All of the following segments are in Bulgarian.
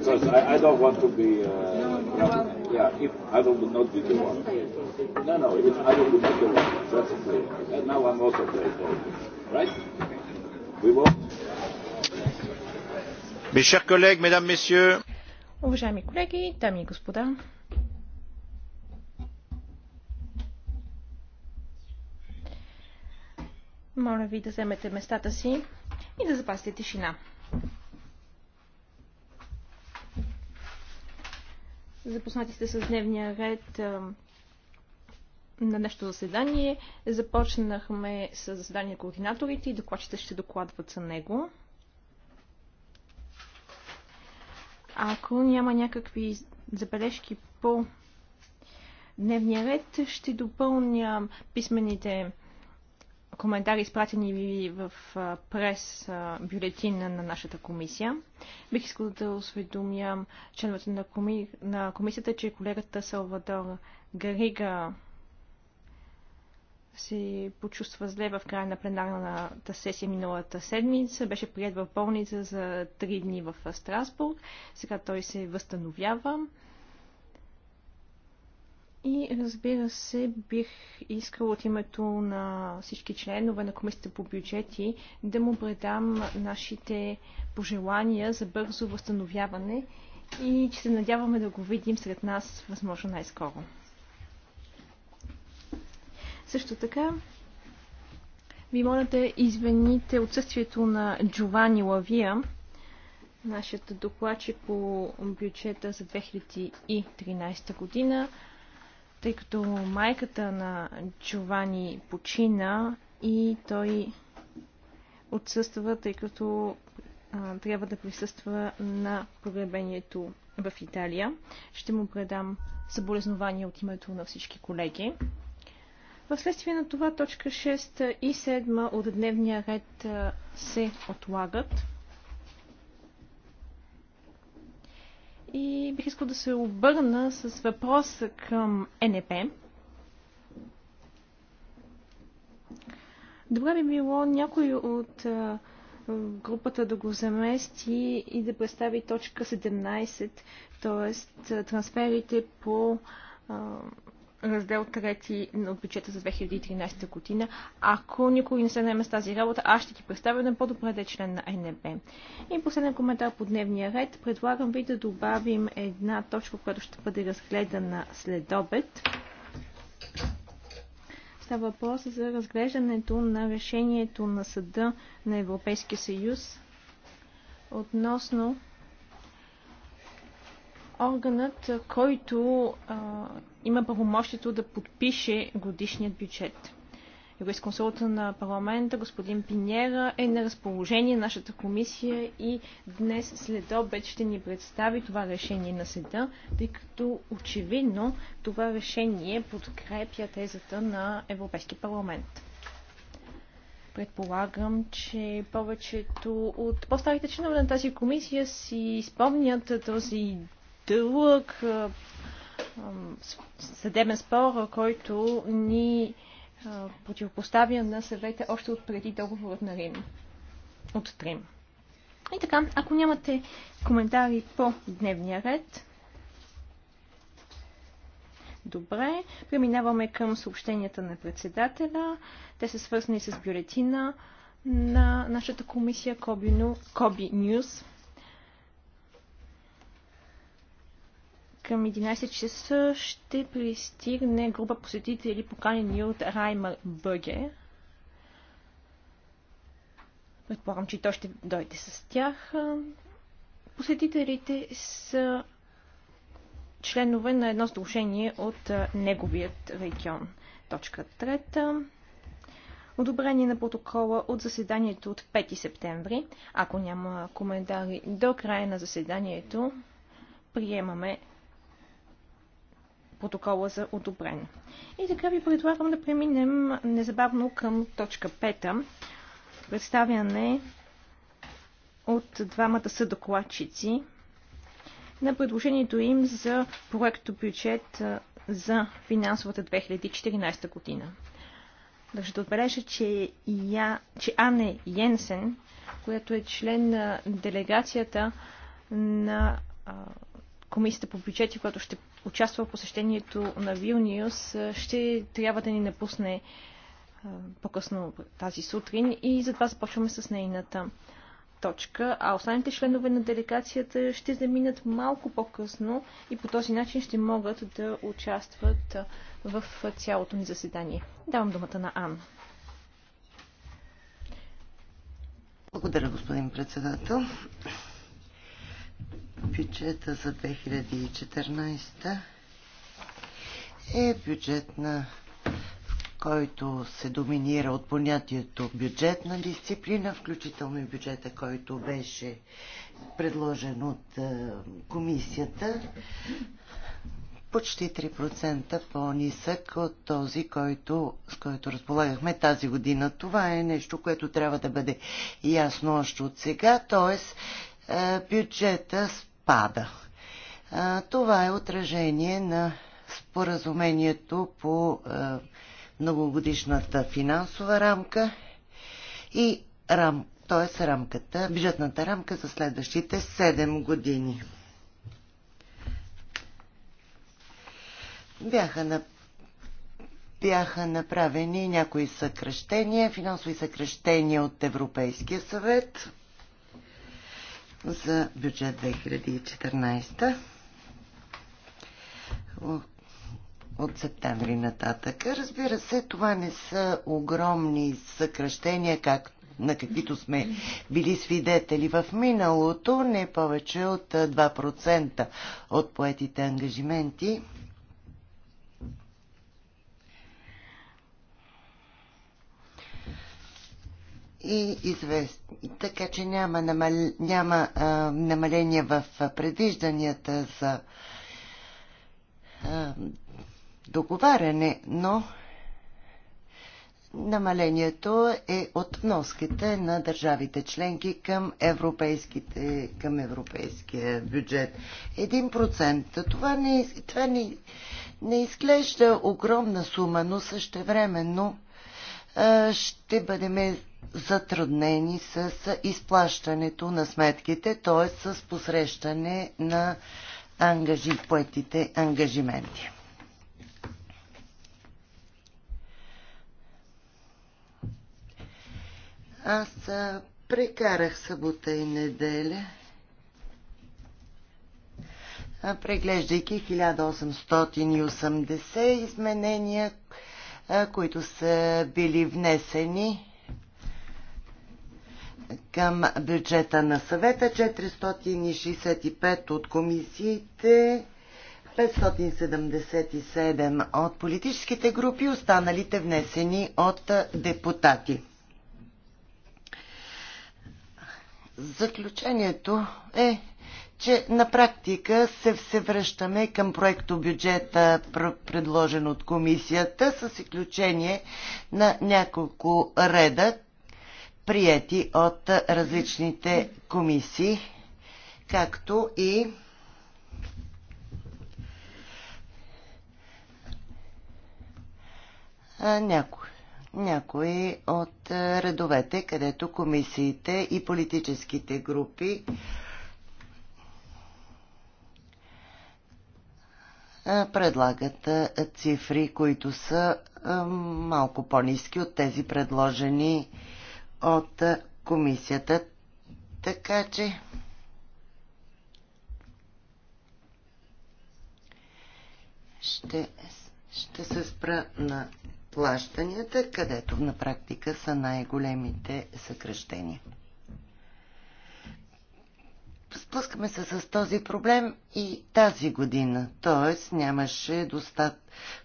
because I, I don't want to be. Uh, yeah, if Adam would not be the one. No, no, if Adam would not be the one, that's clear. And now I'm also playing for Right? We won't. Mes chers collègues, mesdames, messieurs. Уважаеми колеги, дами и господа. Моля ви да вземете местата си и да запасите тишина. Запознати сте с дневния ред на днешното заседание. Започнахме с заседание на координаторите и докладчите ще докладват за него. Ако няма някакви забележки по дневния ред, ще допълня писмените коментари, изпратени ви в прес бюлетина на нашата комисия. Бих искал да осведомя членовете на, коми... на комисията, че колегата Салвадор Гарига се почувства зле в края на пленарната сесия миналата седмица. Беше прият в болница за три дни в Страсбург. Сега той се възстановява. И разбира се, бих искал от името на всички членове на Комисията по бюджети да му предам нашите пожелания за бързо възстановяване и че се надяваме да го видим сред нас възможно най-скоро. Също така, ви моля да извините отсъствието на Джовани Лавия, нашата докладчик по бюджета за 2013 година тъй като майката на Джовани почина и той отсъства, тъй като а, трябва да присъства на погребението в Италия. Ще му предам съболезнования от името на всички колеги. В следствие на това точка 6 и 7 от дневния ред се отлагат. и бих искал да се обърна с въпрос към НП. Добре би било някой от групата да го замести и да представи точка 17, т.е. трансферите по раздел 3 от бюджета за 2013 година. Ако никой не се наеме с тази работа, аз ще ти представя на по-добре да е член на НБ. И последен коментар по дневния ред. Предлагам ви да добавим една точка, която ще бъде разгледана след обед. Става въпрос за разглеждането на решението на Съда на Европейския съюз относно органът, който а, има правомощието да подпише годишният бюджет. Юрисконсулта на парламента, господин Пиньера, е на разположение на нашата комисия и днес след обед ще ни представи това решение на съда, тъй като очевидно това решение подкрепя тезата на Европейски парламент. Предполагам, че повечето от по-старите членове на тази комисия си спомнят този дълъг съдебен спор, който ни противопоставя на съвета още от преди договорът на Рим. От Рим. И така, ако нямате коментари по дневния ред, добре. Преминаваме към съобщенията на председателя. Те са свързани с бюлетина на нашата комисия Коби Нюс. към 11 часа ще пристигне група посетители, поканени от Раймър Бъге. Предполагам, че той ще дойде с тях. Посетителите са членове на едно сдружение от неговият регион. Точка трета. Одобрение на протокола от заседанието от 5 септември. Ако няма коментари до края на заседанието, приемаме протокола за одобрен. И така ви предлагам да преминем незабавно към точка 5. Представяне от двамата съдокладчици на предложението им за проекто бюджет за финансовата 2014 година. Държа да отбележа, че, я, че Ане Йенсен, която е член на делегацията на а, Комисията по бюджети, която ще участва в посещението на Вилниус, ще трябва да ни напусне по-късно тази сутрин и затова започваме с нейната точка, а останалите членове на делегацията ще заминат малко по-късно и по този начин ще могат да участват в цялото ни заседание. Давам думата на Ан. Благодаря, господин председател бюджета за 2014 е бюджет на който се доминира от понятието бюджетна дисциплина, включително и бюджета, който беше предложен от е, комисията, почти 3% по-нисък от този, който, с който разполагахме тази година. Това е нещо, което трябва да бъде ясно още от сега, т.е. Е, бюджета с пада. Това е отражение на споразумението по многогодишната финансова рамка и рам, т.е. рамката, бюджетната рамка за следващите 7 години. Бяха на бяха направени някои съкръщения, финансови съкръщения от Европейския съвет за бюджет 2014 от септември нататък. Разбира се, това не са огромни съкръщения, как, на каквито сме били свидетели в миналото, не повече от 2% от поетите ангажименти и известни. Така че няма, намал... няма а, намаление в предвижданията за а, договаряне, но намалението е от вноските на държавите членки към, европейските, към европейския бюджет. 1%. Това не, това не, не изглежда огромна сума, но същевременно ще бъдем затруднени с изплащането на сметките, т.е. с посрещане на ангажи, поетите ангажименти. Аз прекарах събота и неделя, преглеждайки 1880 изменения, които са били внесени към бюджета на съвета, 465 от комисиите, 577 от политическите групи, останалите внесени от депутати. Заключението е, че на практика се, всевръщаме връщаме към проекто бюджета, предложен от комисията, с изключение на няколко реда, прияти от различните комисии, както и някои някои от редовете, където комисиите и политическите групи предлагат цифри, които са малко по-низки от тези предложени от комисията. Така че ще, ще се спра на плащанията, където на практика са най-големите съкръщения. Спускаме се с този проблем и тази година, т.е. нямаше достат,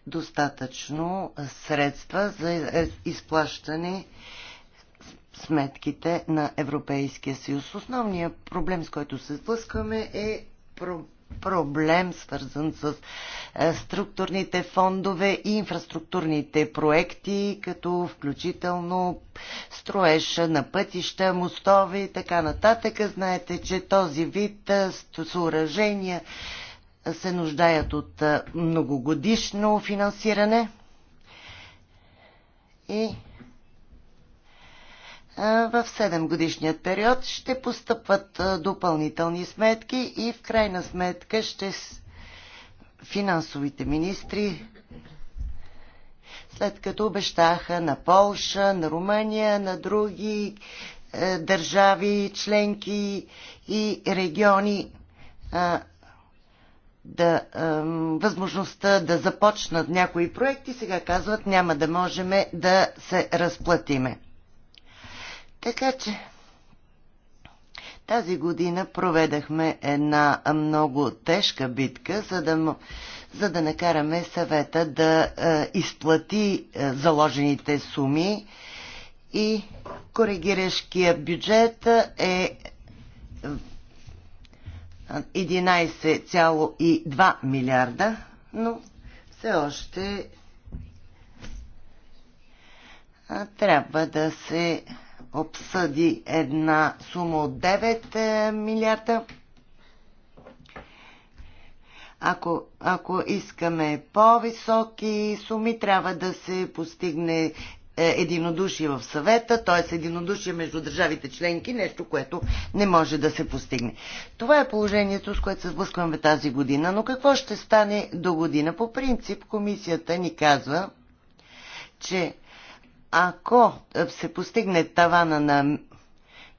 достатъчно средства за изплащане сметките на Европейския съюз. Основният проблем, с който се сблъскваме е проблем проблем, свързан с е, структурните фондове и инфраструктурните проекти, като включително строеж на пътища, мостове и така нататък. Знаете, че този вид е, съоръжения се нуждаят от е, многогодишно финансиране и е, в 7 годишният период ще постъпват е, допълнителни сметки и в крайна сметка ще с финансовите министри след като обещаха на Полша, на Румъния, на други е, държави, членки и региони е, да, е, възможността да започнат някои проекти, сега казват няма да можем да се разплатиме. Така че тази година проведахме една много тежка битка, за да, за да накараме съвета да е, изплати е, заложените суми и коригиращия бюджет е 11,2 е, милиарда, но все още е, трябва да се обсъди една сума от 9 е, милиарда. Ако, ако искаме по-високи суми, трябва да се постигне е, единодушие в съвета, т.е. единодушие между държавите членки, нещо, което не може да се постигне. Това е положението, с което се сблъскваме тази година, но какво ще стане до година? По принцип комисията ни казва, че ако е, се постигне тавана на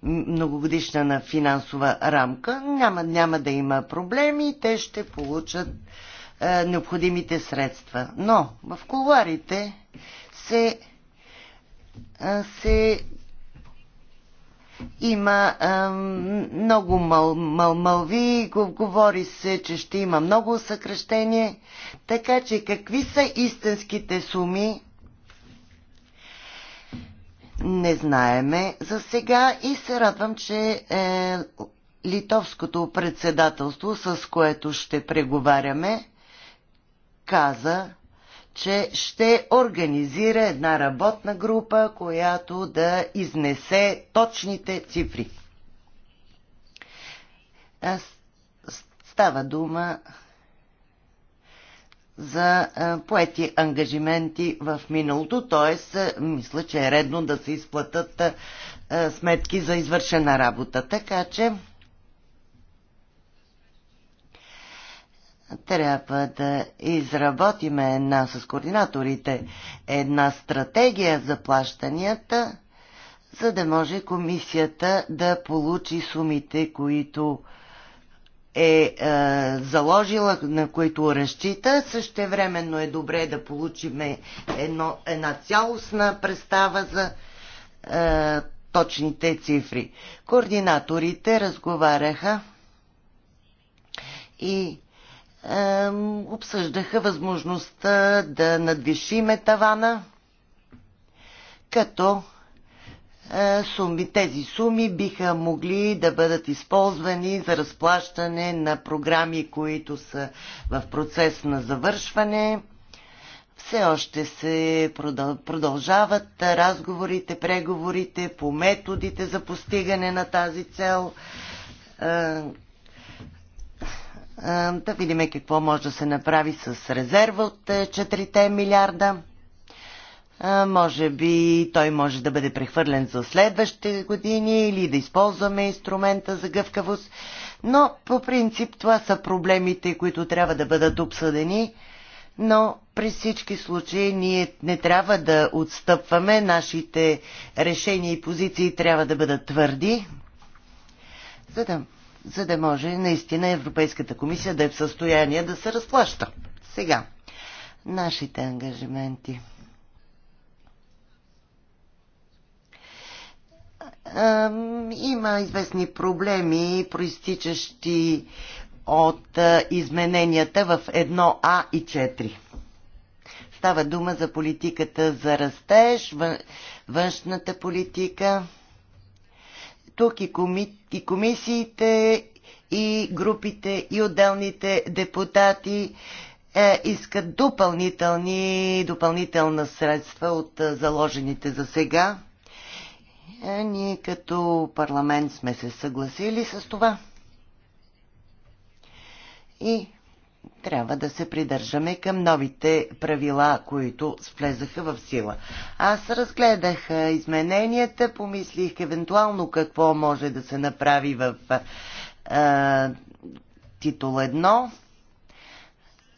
многогодишна на финансова рамка, няма, няма да има проблеми и те ще получат е, необходимите средства. Но в коларите се, е, се има е, много мал, мал, малви, говори се, че ще има много съкръщение, така че какви са истинските суми не знаеме за сега и се радвам, че е, литовското председателство, с което ще преговаряме, каза, че ще организира една работна група, която да изнесе точните цифри. Аз става дума за е, поети ангажименти в миналото, т.е. мисля, че е редно да се изплатат е, е, сметки за извършена работа. Така че трябва да изработиме една с координаторите една стратегия за плащанията, за да може комисията да получи сумите, които е, е, заложила, на които разчита. Същевременно е добре да получим едно, една цялостна представа за е, точните цифри. Координаторите разговаряха и е, обсъждаха възможността да надвишиме тавана, като е, суми. Тези суми биха могли да бъдат използвани за разплащане на програми, които са в процес на завършване. Все още се продължават разговорите, преговорите по методите за постигане на тази цел. Е, е, да видим какво може да се направи с резерва от 4 милиарда. А, може би той може да бъде прехвърлен за следващите години или да използваме инструмента за гъвкавост. Но по принцип това са проблемите, които трябва да бъдат обсъдени. Но при всички случаи ние не трябва да отстъпваме. Нашите решения и позиции трябва да бъдат твърди, за да, за да може наистина Европейската комисия да е в състояние да се разплаща. Сега, нашите ангажименти. има известни проблеми, проистичащи от измененията в 1А и 4. Става дума за политиката за растеж, външната политика. Тук и, коми, и комисиите, и групите, и отделните депутати е, искат допълнителни, допълнителна средства от заложените за сега. Е, ние като парламент сме се съгласили с това. И трябва да се придържаме към новите правила, които влезаха в сила. Аз разгледах измененията, помислих евентуално какво може да се направи в а, титул 1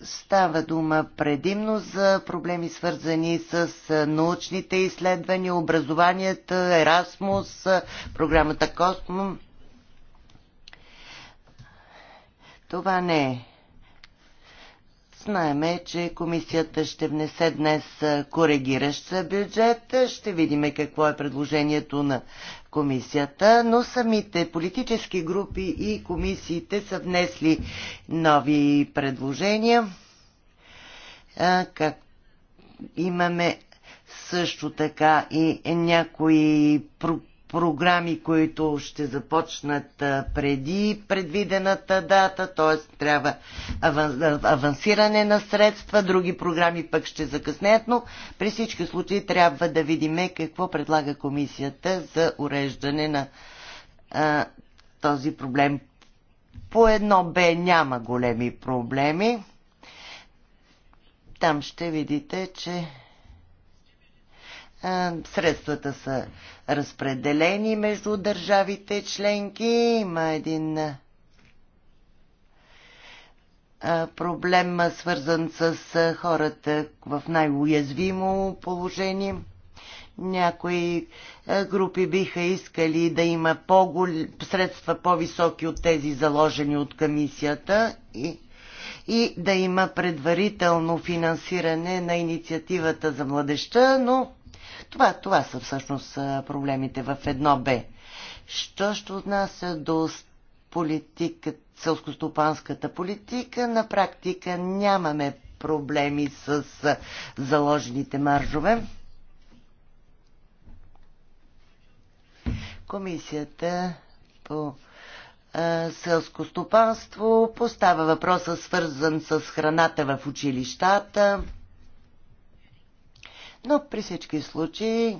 Става дума предимно за проблеми свързани с научните изследвания, образованието, Ерасмус, програмата Космо. Това не е. Знаеме, че комисията ще внесе днес коригиращ бюджет. Ще видим какво е предложението на комисията, но самите политически групи и комисиите са внесли нови предложения. Как имаме също така и някои програми, които ще започнат преди предвидената дата, т.е. трябва авансиране на средства, други програми пък ще закъснеят, но при всички случаи трябва да видим какво предлага комисията за уреждане на а, този проблем. По едно Б няма големи проблеми. Там ще видите, че Средствата са разпределени между държавите членки. Има един проблем, свързан с хората в най-уязвимо положение. Някои групи биха искали да има по средства по-високи от тези заложени от комисията и, и да има предварително финансиране на инициативата за младеща, но това, това са всъщност проблемите в едно Б. Що ще отнася до политика, селскостопанската политика, на практика нямаме проблеми с заложените маржове. Комисията по селско стопанство поставя въпроса свързан с храната в училищата но при всички случаи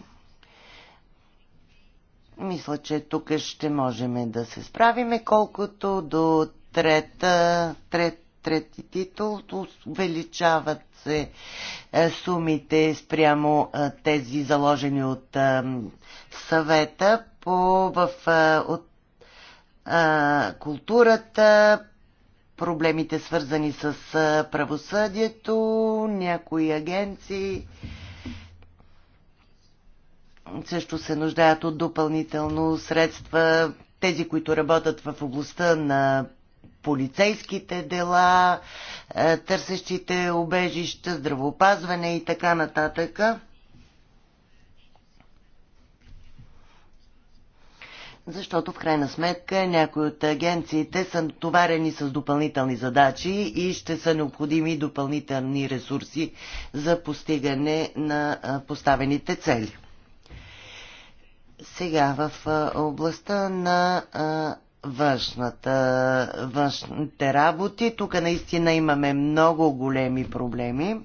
мисля, че тук ще можем да се справиме, колкото до трета, трет, трети титул. Увеличават се е, сумите спрямо е, тези заложени от е, съвета по, в, от а, културата, проблемите свързани с правосъдието, някои агенции също се нуждаят от допълнително средства. Тези, които работят в областта на полицейските дела, е, търсещите обежища, здравопазване и така нататък. Защото в крайна сметка някои от агенциите са натоварени с допълнителни задачи и ще са необходими допълнителни ресурси за постигане на е, поставените цели. Сега в областта на външната, външните работи. Тук наистина имаме много големи проблеми.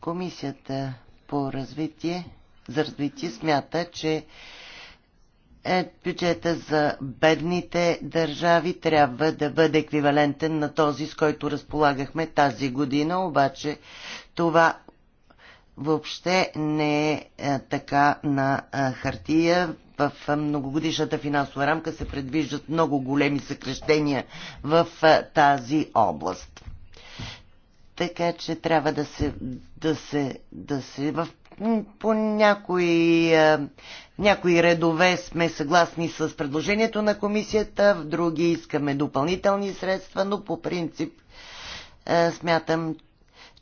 Комисията по развитие, за развитие смята, че е, бюджета за бедните държави трябва да бъде еквивалентен на този, с който разполагахме тази година, обаче това въобще не е, е така на е, хартия. В е, многогодишната финансова рамка се предвиждат много големи съкрещения в тази област. Така че трябва да се, да се, да се в по някои, някои редове сме съгласни с предложението на комисията, в други искаме допълнителни средства, но по принцип смятам,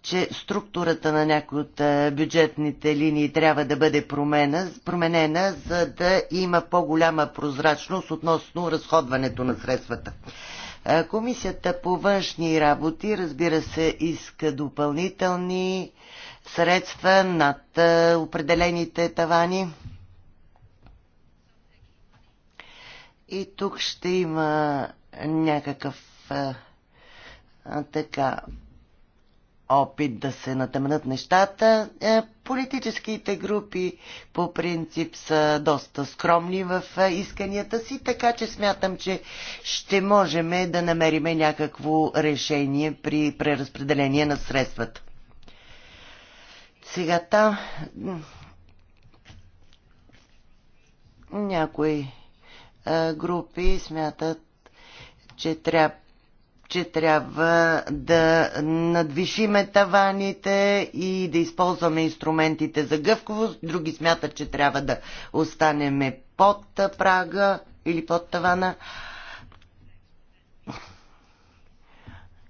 че структурата на някои от е, бюджетните линии трябва да бъде промена, променена, за да има по-голяма прозрачност относно разходването на средствата. Е, Комисията по външни работи, разбира се, иска допълнителни средства над е, определените тавани. И тук ще има някакъв а, така опит да се натъмнат нещата. Е, политическите групи по принцип са доста скромни в е, исканията си, така че смятам, че ще можем да намерим някакво решение при преразпределение на средствата. Сега там някои е, групи смятат, че трябва че трябва да надвишиме таваните и да използваме инструментите за гъвковост. Други смятат, че трябва да останеме под прага или под тавана.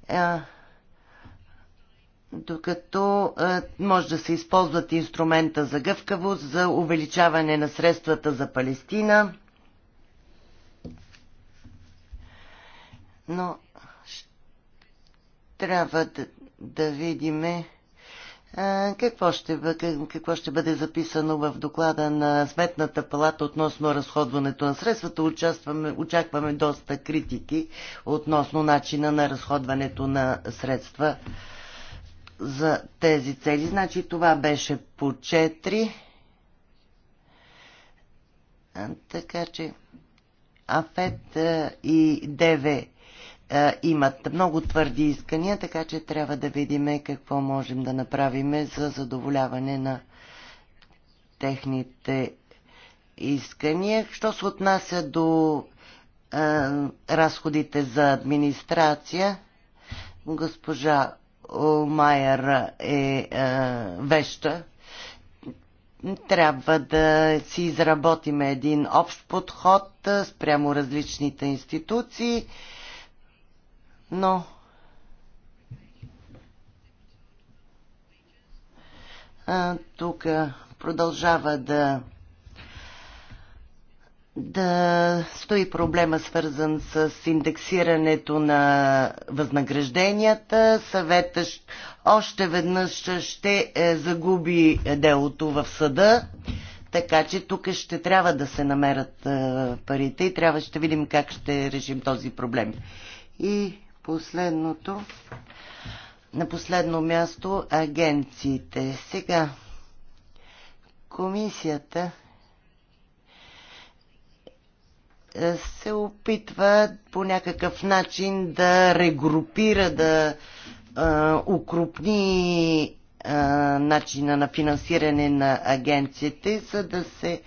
Е, докато е, може да се използват инструмента за гъвкавост за увеличаване на средствата за Палестина. Но трябва да, да видиме какво ще, бъде, какво ще бъде записано в доклада на Сметната палата относно разходването на средствата? Участваме, очакваме доста критики относно начина на разходването на средства за тези цели. Значи това беше по 4. Така че Афет и 9. Е, имат много твърди искания, така че трябва да видим какво можем да направим за задоволяване на техните искания. Що се отнася до е, разходите за администрация, госпожа Майер е е веща. Трябва да си изработиме един общ подход е, спрямо различните институции но тук продължава да да стои проблема свързан с индексирането на възнагражденията. Съветът още веднъж ще е, загуби делото в съда, така че тук ще трябва да се намерят е, парите и трябва ще видим как ще решим този проблем. И последното, на последно място агенциите. Сега, комисията е, се опитва по някакъв начин да регрупира, да а, е, укрупни а, е, начина на финансиране на агенциите, за да се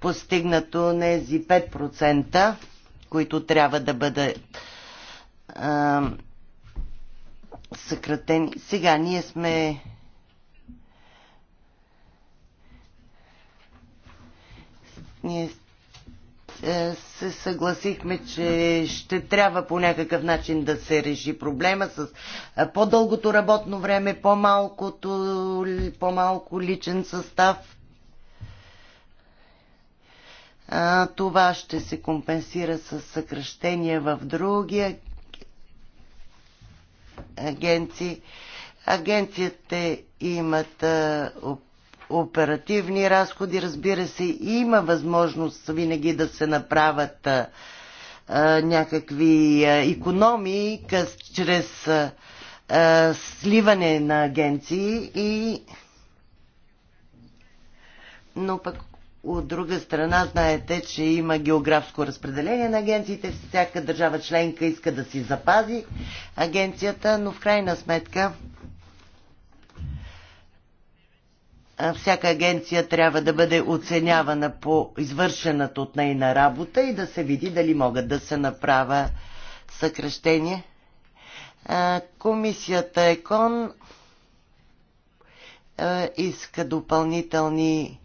постигнат тези 5%, които трябва да бъдат а, съкратени. Сега ние сме ние се съгласихме, че ще трябва по някакъв начин да се реши проблема с по-дългото работно време, по-малкото, по-малко личен състав. това ще се компенсира с съкръщения в другия агенции. Агенцията имат оперативни разходи, разбира се, и има възможност винаги да се направят а, някакви а, економии къс, чрез а, а, сливане на агенции и но пък от друга страна, знаете, че има географско разпределение на агенциите. Всяка държава членка иска да си запази агенцията, но в крайна сметка всяка агенция трябва да бъде оценявана по извършената от нейна работа и да се види дали могат да се направя съкрещение. Комисията ЕКОН иска допълнителни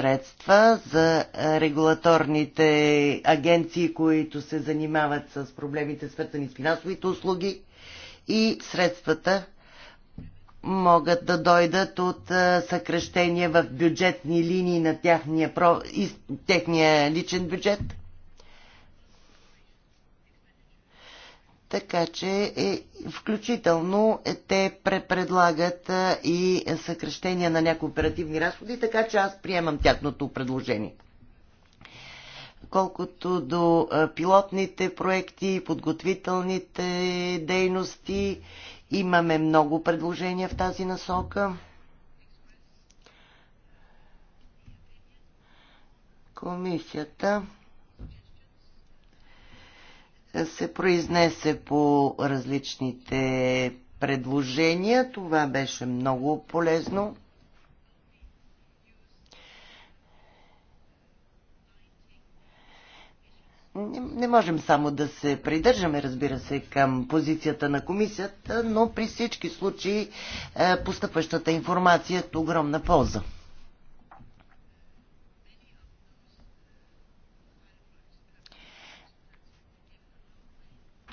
средства за е, регулаторните агенции, които се занимават с проблемите свързани с финансовите услуги и средствата могат да дойдат от е, съкрещения в бюджетни линии на техния личен бюджет – Така че е, включително е, те предлагат е, и съкрещения на някои оперативни разходи, така че аз приемам тяхното предложение. Колкото до е, пилотните проекти, подготвителните дейности, имаме много предложения в тази насока. Комисията се произнесе по различните предложения. Това беше много полезно. Не, можем само да се придържаме, разбира се, към позицията на комисията, но при всички случаи поступащата е, постъпващата информация е от огромна полза.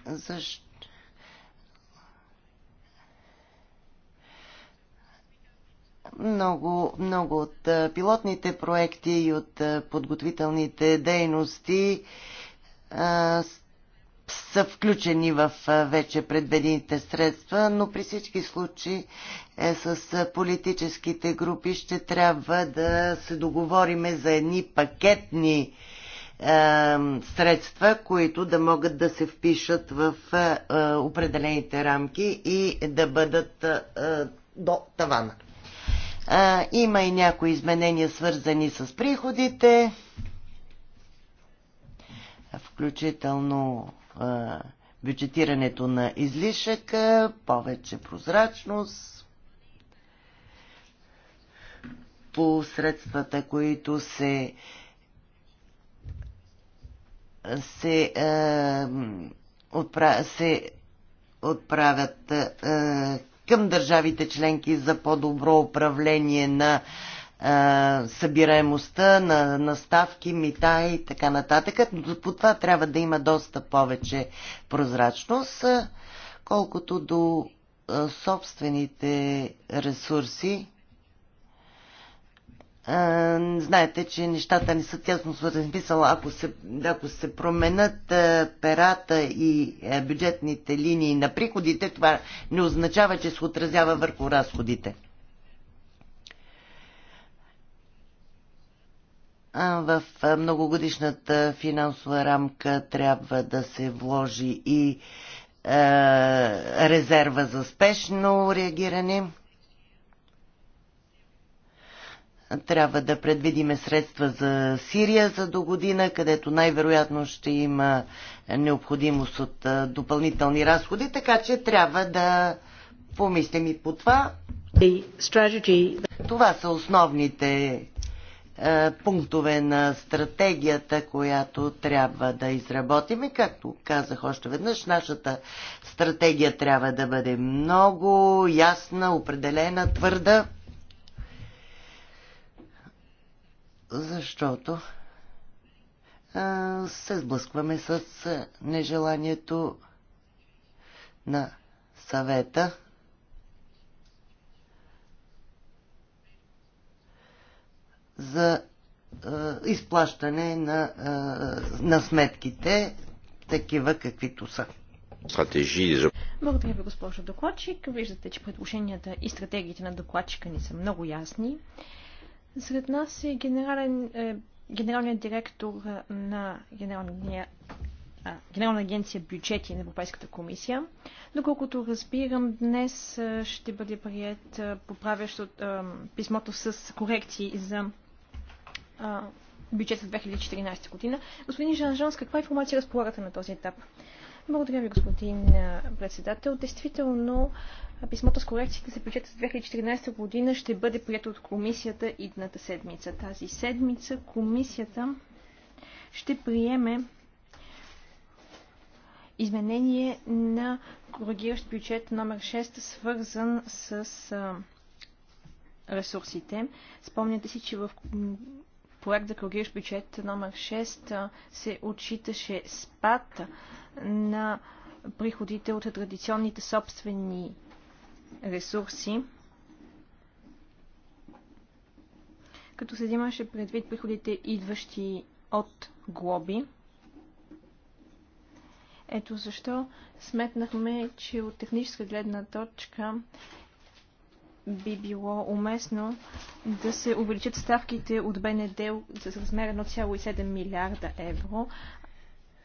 Защо? Много, много от пилотните проекти и от подготвителните дейности а, са включени в вече предведените средства, но при всички случаи е, с политическите групи ще трябва да се договориме за едни пакетни средства, които да могат да се впишат в определените рамки и да бъдат до тавана. Има и някои изменения, свързани с приходите, включително бюджетирането на излишък, повече прозрачност по средствата, които се се, е, се отправят е, към държавите членки за по-добро управление на е, събираемостта, на, на ставки, мита и така нататък. Но по това трябва да има доста повече прозрачност, е, колкото до е, собствените ресурси знаете, че нещата не са тясно свързани. Смисъл, ако се, ако се променят перата и бюджетните линии на приходите, това не означава, че се отразява върху разходите. В многогодишната финансова рамка трябва да се вложи и резерва за спешно реагиране. Трябва да предвидиме средства за Сирия за до година, където най-вероятно ще има необходимост от допълнителни разходи, така че трябва да помислим и по това. Това са основните пунктове на стратегията, която трябва да изработим. И както казах още веднъж, нашата стратегия трябва да бъде много ясна, определена, твърда. защото се сблъскваме с нежеланието на съвета за изплащане на, на сметките, такива каквито са. Стратегии за... Благодаря ви, госпожо докладчик. Виждате, че предложенията и стратегиите на докладчика ни са много ясни. Сред нас е генерален, е, генералният директор на генералния Генерална агенция бюджети на Европейската комисия. Доколкото разбирам, днес е, ще бъде прият е, поправящо е, писмото с корекции за бюджета 2014 година. Господин Жанжанс, каква информация разполагате на този етап? Благодаря ви, господин председател. Действително, писмото с корекциите за бюджета за 2014 година ще бъде прието от комисията идната седмица. Тази седмица комисията ще приеме изменение на коригиращ бюджет номер 6, свързан с ресурсите. Спомняте си, че в проект за коригиращ бюджет номер 6 се отчиташе спад на приходите от традиционните собствени ресурси. Като се взимаше предвид приходите, идващи от глоби. Ето защо сметнахме, че от техническа гледна точка би било уместно да се увеличат ставките от БНД с размер 1,7 милиарда евро,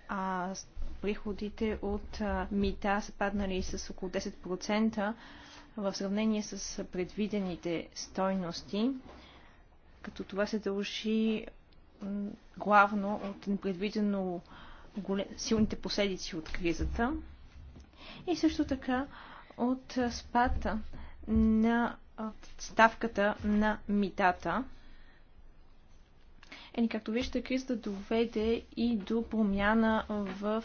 а приходите от мита са паднали с около 10% в сравнение с предвидените стойности, като това се дължи главно от непредвидено силните последици от кризата и също така от спада на ставката на митата, Еми, както виждате, кризата доведе и до промяна в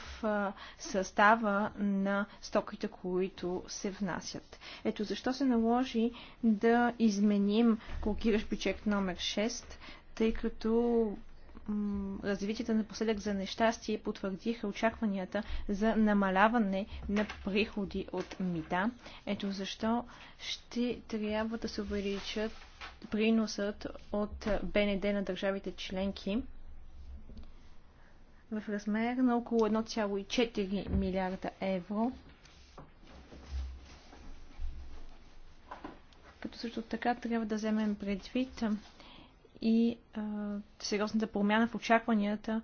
състава на стоките, които се внасят. Ето защо се наложи да изменим колкираш бичек номер 6, тъй като развитията напоследък за нещастие потвърдиха очакванията за намаляване на приходи от мита. Ето защо ще трябва да се увеличат приносът от БНД на държавите членки в размер на около 1,4 милиарда евро. Като също така трябва да вземем предвид и а, сериозната промяна в очакванията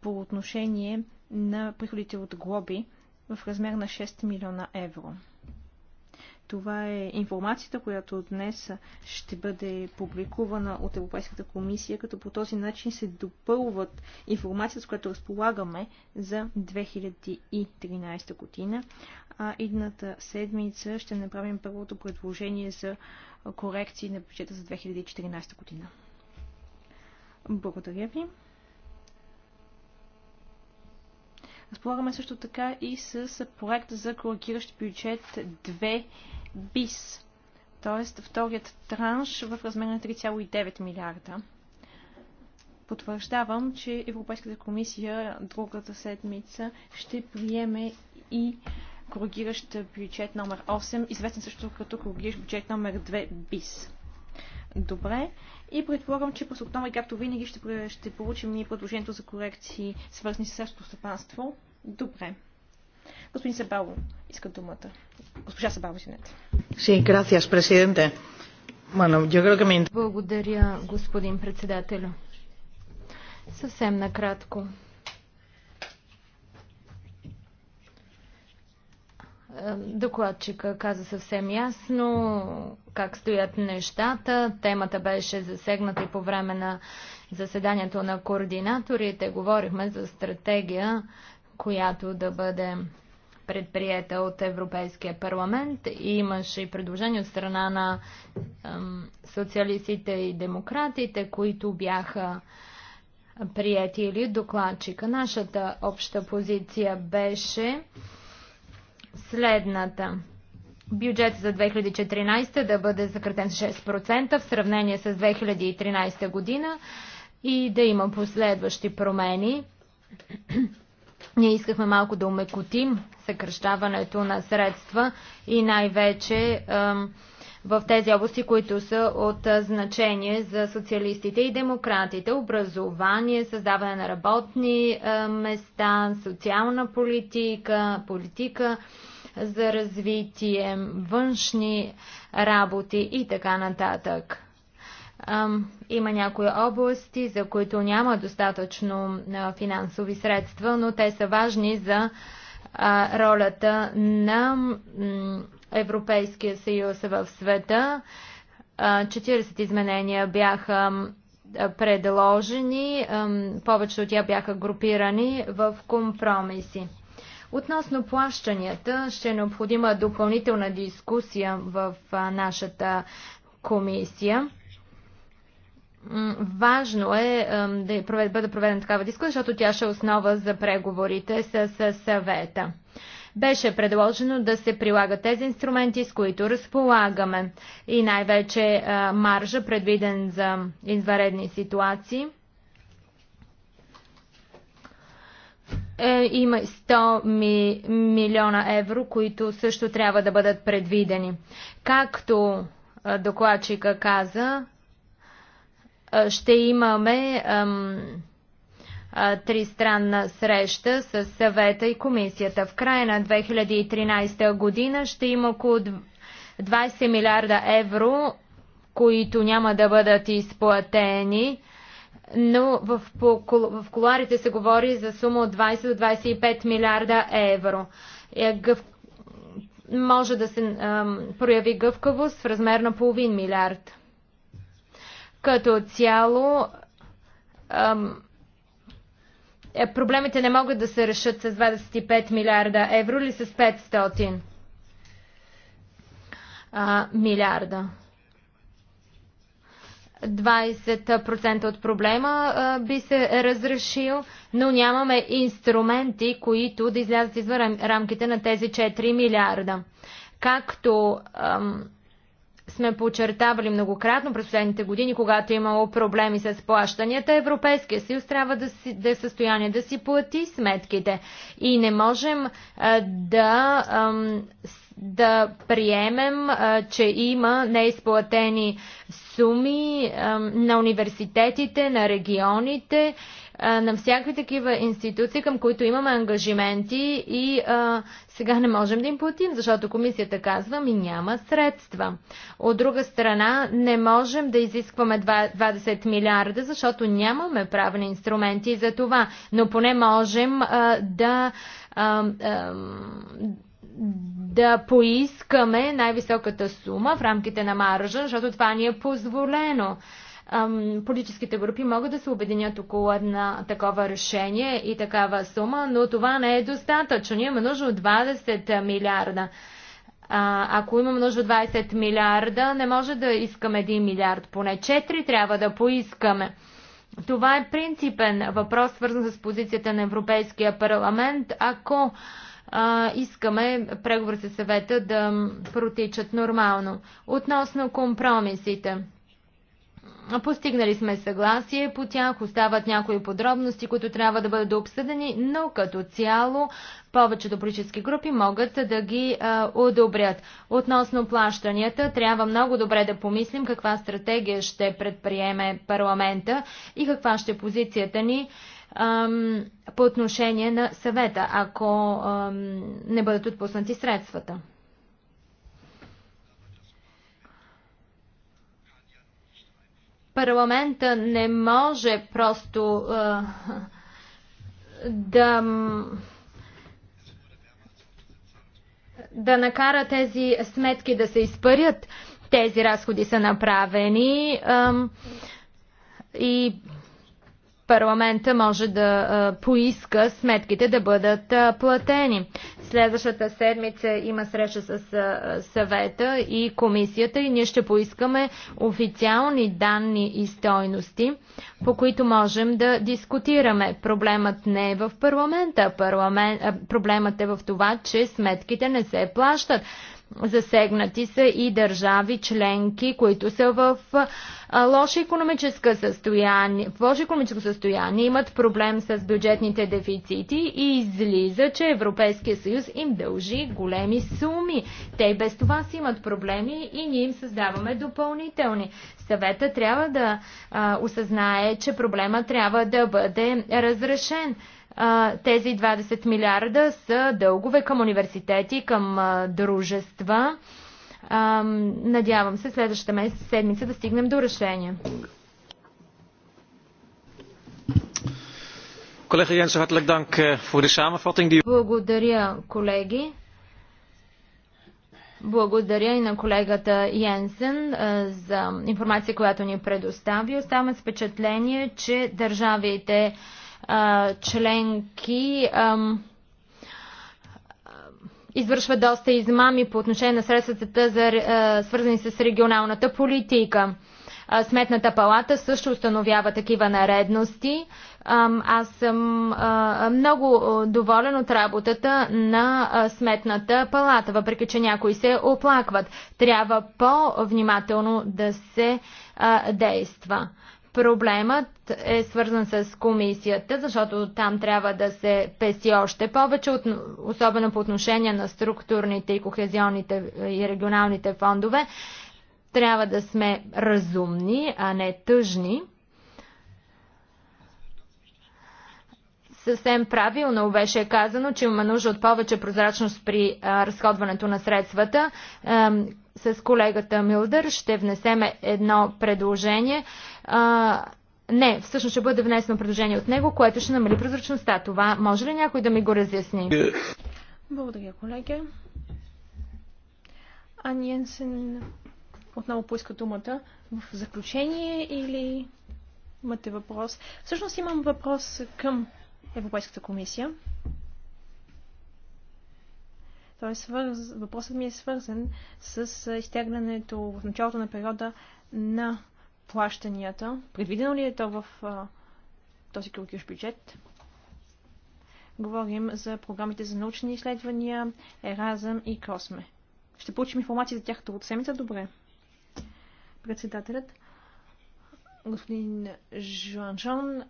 по отношение на приходите от глоби в размер на 6 милиона евро. Това е информацията, която днес ще бъде публикувана от Европейската комисия, като по този начин се допълват информацията, с която разполагаме за 2013 година. А идната седмица ще направим първото предложение за корекции на бюджета за 2014 година. Благодаря ви. Разполагаме също така и с проект за коригиращ бюджет 2 БИС, т.е. вторият транш в размер на 3,9 милиарда. Потвърждавам, че Европейската комисия другата седмица ще приеме и коригиращ бюджет номер 8, известен също като коригиращ бюджет номер 2 БИС. Добре, и предполагам, че през октомври, както винаги, ще, ще получим и предложението за корекции, свързани с същото стопанство. Добре. Господин Сабаво, иска думата. Госпожа Сабаво, извинете. Sí, gracias, presidente. Bueno, yo creo que me... Благодаря, господин председател. Съвсем накратко. Докладчика каза съвсем ясно как стоят нещата. Темата беше засегната и по време на заседанието на координаторите. Говорихме за стратегия, която да бъде предприета от Европейския парламент. И имаше и предложение от страна на ем, социалистите и демократите, които бяха приети или докладчика. Нашата обща позиция беше следната. Бюджет за 2014 да бъде съкратен с 6% в сравнение с 2013 година и да има последващи промени. Ние искахме малко да умекотим съкръщаването на средства и най-вече в тези области, които са от значение за социалистите и демократите. Образование, създаване на работни места, социална политика, политика за развитие, външни работи и така нататък. Има някои области, за които няма достатъчно финансови средства, но те са важни за ролята на Европейския съюз в света. 40 изменения бяха предложени, повече от тях бяха групирани в компромиси. Относно плащанията ще е необходима допълнителна дискусия в нашата комисия. Важно е да е бъде проведена такава дискусия, защото тя ще е основа за преговорите с съвета. Беше предложено да се прилагат тези инструменти, с които разполагаме и най-вече е, маржа, предвиден за изваредни ситуации. Е, има 100 ми, милиона евро, които също трябва да бъдат предвидени. Както е, докладчика каза, е, ще имаме тристранна среща с съвета и комисията. В края на 2013 година ще има около 20 милиарда евро, които няма да бъдат изплатени, но в, по, в коларите се говори за сума от 20 до 25 милиарда евро. Е, гъв, може да се ам, прояви гъвкавост в размер на половин милиард. Като цяло ам, е, проблемите не могат да се решат с 25 милиарда евро или с 500 а, милиарда. 20% от проблема а, би се разрешил, но нямаме инструменти, които да излязат извън рамките на тези 4 милиарда. Както сме подчертавали многократно през последните години, когато е имало проблеми с плащанията, Европейския съюз трябва да, си, да е в състояние да си плати сметките. И не можем а, да, а, да приемем, а, че има неизплатени суми а, на университетите, на регионите на всякакви такива институции, към които имаме ангажименти и а, сега не можем да им платим, защото комисията казва, ми няма средства. От друга страна, не можем да изискваме 20 милиарда, защото нямаме правни инструменти за това, но поне можем а, да. А, а, да поискаме най-високата сума в рамките на маржа, защото това ни е позволено политическите групи могат да се обединят около една такова решение и такава сума, но това не е достатъчно. Ние имаме нужда от 20 милиарда. А, ако имаме нужда от 20 милиарда, не може да искаме 1 милиард, поне 4 трябва да поискаме. Това е принципен въпрос, свързан с позицията на Европейския парламент. Ако а, искаме преговори със съвета да протичат нормално. Относно компромисите. Постигнали сме съгласие по тях, остават някои подробности, които трябва да бъдат обсъдени, но като цяло повечето политически групи могат да ги а, одобрят. Относно плащанията, трябва много добре да помислим каква стратегия ще предприеме парламента и каква ще е позицията ни ам, по отношение на съвета, ако ам, не бъдат отпуснати средствата. Парламента не може просто а, да да накара тези сметки да се изпарят. Тези разходи са направени а, и парламента може да поиска сметките да бъдат платени. Следващата седмица има среща с съвета и комисията и ние ще поискаме официални данни и стойности, по които можем да дискутираме. Проблемът не е в парламента. Парламент, проблемът е в това, че сметките не се плащат. Засегнати са и държави членки, които са в лошо економическо състояние, в лошо економическо състояние имат проблем с бюджетните дефицити и излиза, че Европейския съюз им дължи големи суми. Те и без това си имат проблеми и ние им създаваме допълнителни. Съвета трябва да а, осъзнае, че проблема трябва да бъде разрешен. Тези 20 милиарда са дългове към университети, към дружества. Надявам се следващата месец, седмица да стигнем до решение. Колега Jensen, voor de samenvatting. Благодаря, колеги. Благодаря и на колегата Йенсен е, за информация, която ни предостави. Оставаме с впечатление, че държавите членки извършва доста измами по отношение на средствата, за, свързани с регионалната политика. Сметната палата също установява такива наредности. аз съм много доволен от работата на Сметната палата, въпреки че някои се оплакват. Трябва по-внимателно да се действа. Проблемът е свързан с комисията, защото там трябва да се песи още повече, особено по отношение на структурните и кохезионните и регионалните фондове. Трябва да сме разумни, а не тъжни. Съвсем правилно беше казано, че има нужда от повече прозрачност при разходването на средствата. с колегата Милдър ще внесем едно предложение. А, не, всъщност ще бъде внесено предложение от него, което ще намали прозрачността. Това може ли някой да ми го разясни? Благодаря, колеги. Ан Йенсен отново поиска думата. В заключение или имате въпрос? Всъщност имам въпрос към Европейската комисия. Той е свърз... Въпросът ми е свързан с изтеглянето в началото на периода на плащанията? Предвидено ли е то в а, този крокиш бюджет? Говорим за програмите за научни изследвания, Еразъм и Косме. Ще получим информация за тях от семица Добре. Председателят, господин Жуанжон,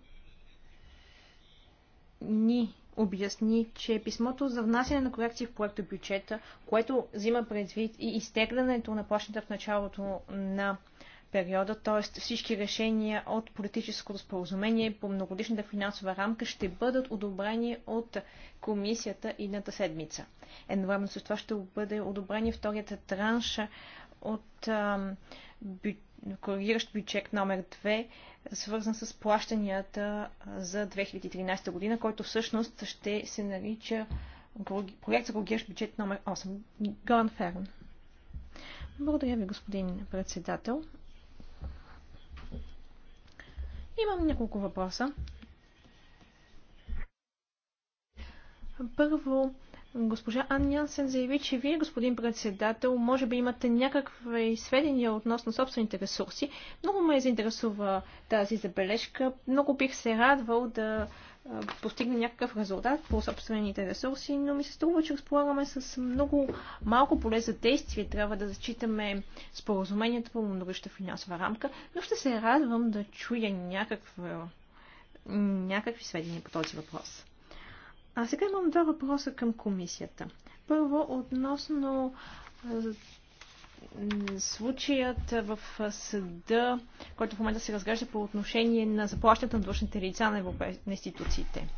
ни обясни, че писмото за внасяне на корекции в проекта бюджета, което взима предвид и изтеглянето на плащата в началото на периода, т.е. всички решения от политическото споразумение по многодишната финансова рамка ще бъдат одобрени от комисията идната седмица. Едновременно с това ще бъде одобрен вторият транш от коригиращ бюджет номер 2, свързан с плащанията за 2013 година, който всъщност ще се нарича проект за коригиращ бюджет номер 8. Горан Ферн. Благодаря ви, господин председател. Имам няколко въпроса. Първо, госпожа Ан Янсен заяви, че вие, господин председател, може би имате някакви сведения относно собствените ресурси. Много ме заинтересува тази забележка. Много бих се радвал да постигне някакъв резултат по собствените ресурси, но ми се струва, че разполагаме с много малко поле за действие. Трябва да зачитаме споразумението по многоща финансова рамка, но ще се радвам да чуя някакво, някакви сведения по този въпрос. А сега имам два въпроса към комисията. Първо, относно случаят в съда, който в момента се разглежда по отношение на заплащането на длъжните лица на, европе... на институциите.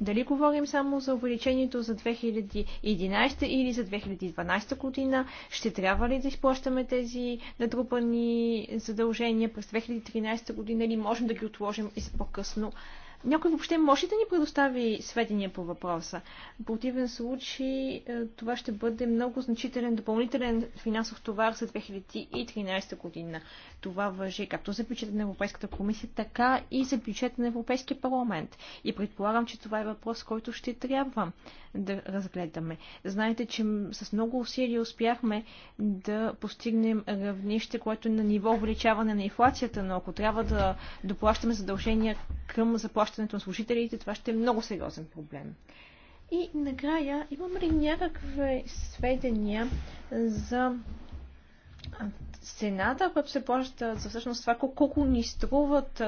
Дали говорим само за увеличението за 2011 или за 2012 година? Ще трябва ли да изплащаме тези натрупани задължения през 2013 година или можем да ги отложим и за по-късно? някой въобще може да ни предостави сведения по въпроса. В противен случай е, това ще бъде много значителен допълнителен финансов товар за 2013 година. Това въжи както за бюджета на Европейската комисия, така и за бюджета на Европейския парламент. И предполагам, че това е въпрос, който ще трябва да разгледаме. Знаете, че с много усилия успяхме да постигнем равнище, което е на ниво увеличаване на инфлацията, но ако трябва да доплащаме задължения към заплащане заплащането на служителите, това ще е много сериозен проблем. И накрая, имам ли някакви сведения за цената, която се плаща, за всъщност това колко ни струват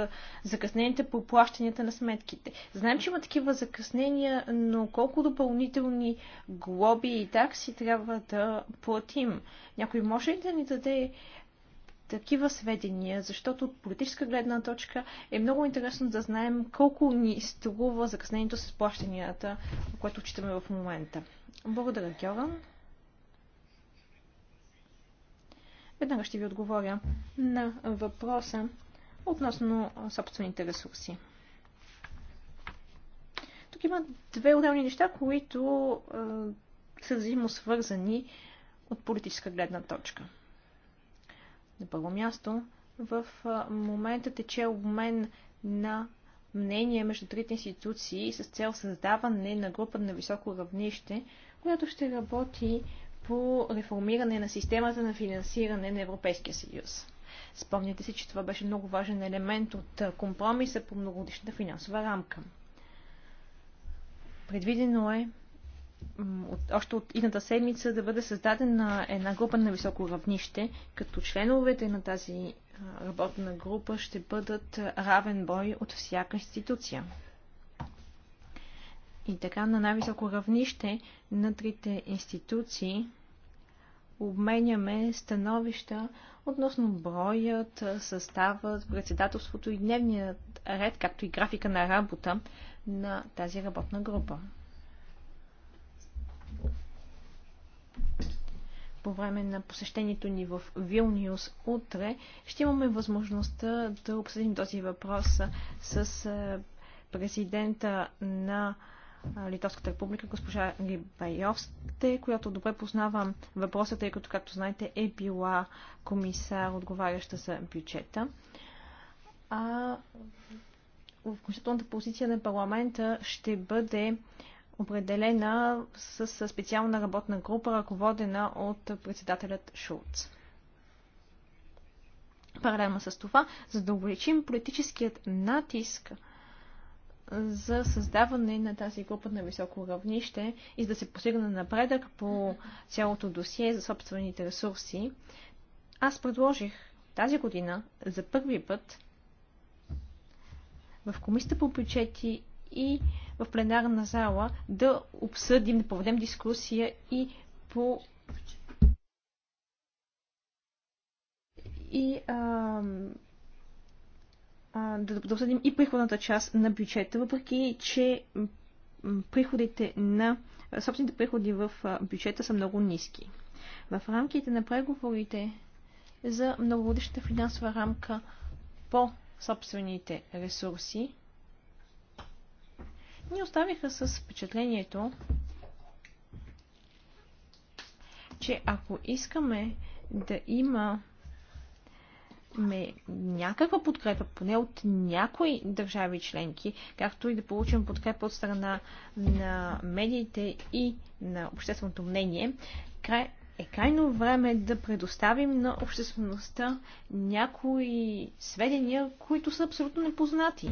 закъснените по плащанията на сметките. Знаем, че има такива закъснения, но колко допълнителни глоби и такси трябва да платим? Някой може ли да ни даде такива сведения, защото от политическа гледна точка е много интересно да знаем колко ни струва закъснението с плащанията, което читаме в момента. Благодаря, Георан. Веднага ще ви отговоря на въпроса относно собствените ресурси. Тук има две отделни неща, които е, са взаимосвързани от политическа гледна точка. На първо място, в момента тече обмен на мнение между трите институции с цел създаване на група на високо равнище, която ще работи по реформиране на системата на финансиране на Европейския съюз. Спомняте си, че това беше много важен елемент от компромиса по многогодишната финансова рамка. Предвидено е от, още от идната седмица да бъде създадена една група на високо равнище, като членовете на тази работна група ще бъдат равен бой от всяка институция. И така на най-високо равнище на трите институции обменяме становища относно броят, съставът, председателството и дневният ред, както и графика на работа на тази работна група. по време на посещението ни в Вилниус утре, ще имаме възможността да обсъдим този въпрос с президента на Литовската република, госпожа Рибайовсте, която добре познава въпроса, тъй като, както знаете, е била комисар, отговаряща за бюджета. А в окончателната позиция на парламента ще бъде определена с специална работна група, ръководена от председателят Шулц. Паралелно с това, за да увеличим политическият натиск за създаване на тази група на високо равнище и за да се постигне напредък по цялото досие за собствените ресурси, аз предложих тази година за първи път в Комисията по бюджети и в пленарна зала да обсъдим, да проведем дискусия и по и а, а, да, да обсъдим и приходната част на бюджета, въпреки че приходите на собствените приходи в бюджета са много ниски. В рамките на преговорите за многогодишната финансова рамка по собствените ресурси, ни оставиха с впечатлението, че ако искаме да има някаква подкрепа, поне от някои държави членки, както и да получим подкрепа от страна на медиите и на общественото мнение, край, е крайно време да предоставим на обществеността някои сведения, които са абсолютно непознати.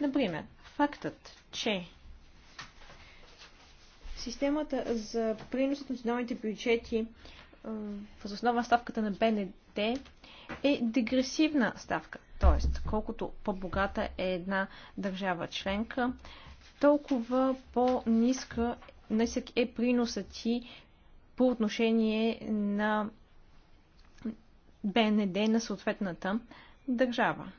Например, Фактът, че системата за принос от националните бюджети е, в основа ставката на БНД е дегресивна ставка. Тоест, колкото по-богата е една държава членка, толкова по-ниска нисък е приносът ти по отношение на БНД на съответната държава.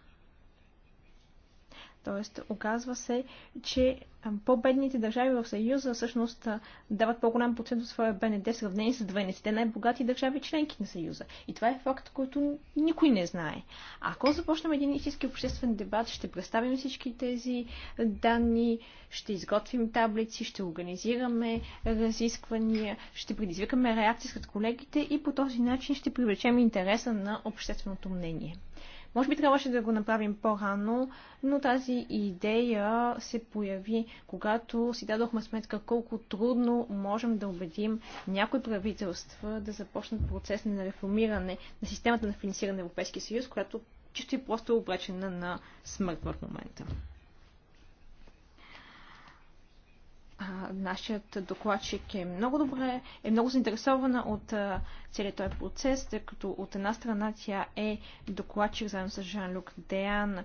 Тоест, оказва се, че по-бедните държави в Съюза всъщност дават по-голям процент от своя БНД в сравнение с 12-те най-богати държави членки на Съюза. И това е факт, който никой не знае. Ако започнем един истински обществен дебат, ще представим всички тези данни, ще изготвим таблици, ще организираме разисквания, ще предизвикаме реакции сред колегите и по този начин ще привлечем интереса на общественото мнение. Може би трябваше да го направим по-рано, но тази идея се появи, когато си дадохме сметка колко трудно можем да убедим някои правителства да започнат процес на реформиране на системата на финансиране на Европейския съюз, която чисто и просто е обречена на смърт в момента. нашият докладчик е много добре, е много заинтересована от целият този процес, тъй като от една страна тя е докладчик заедно с Жан-Люк Деян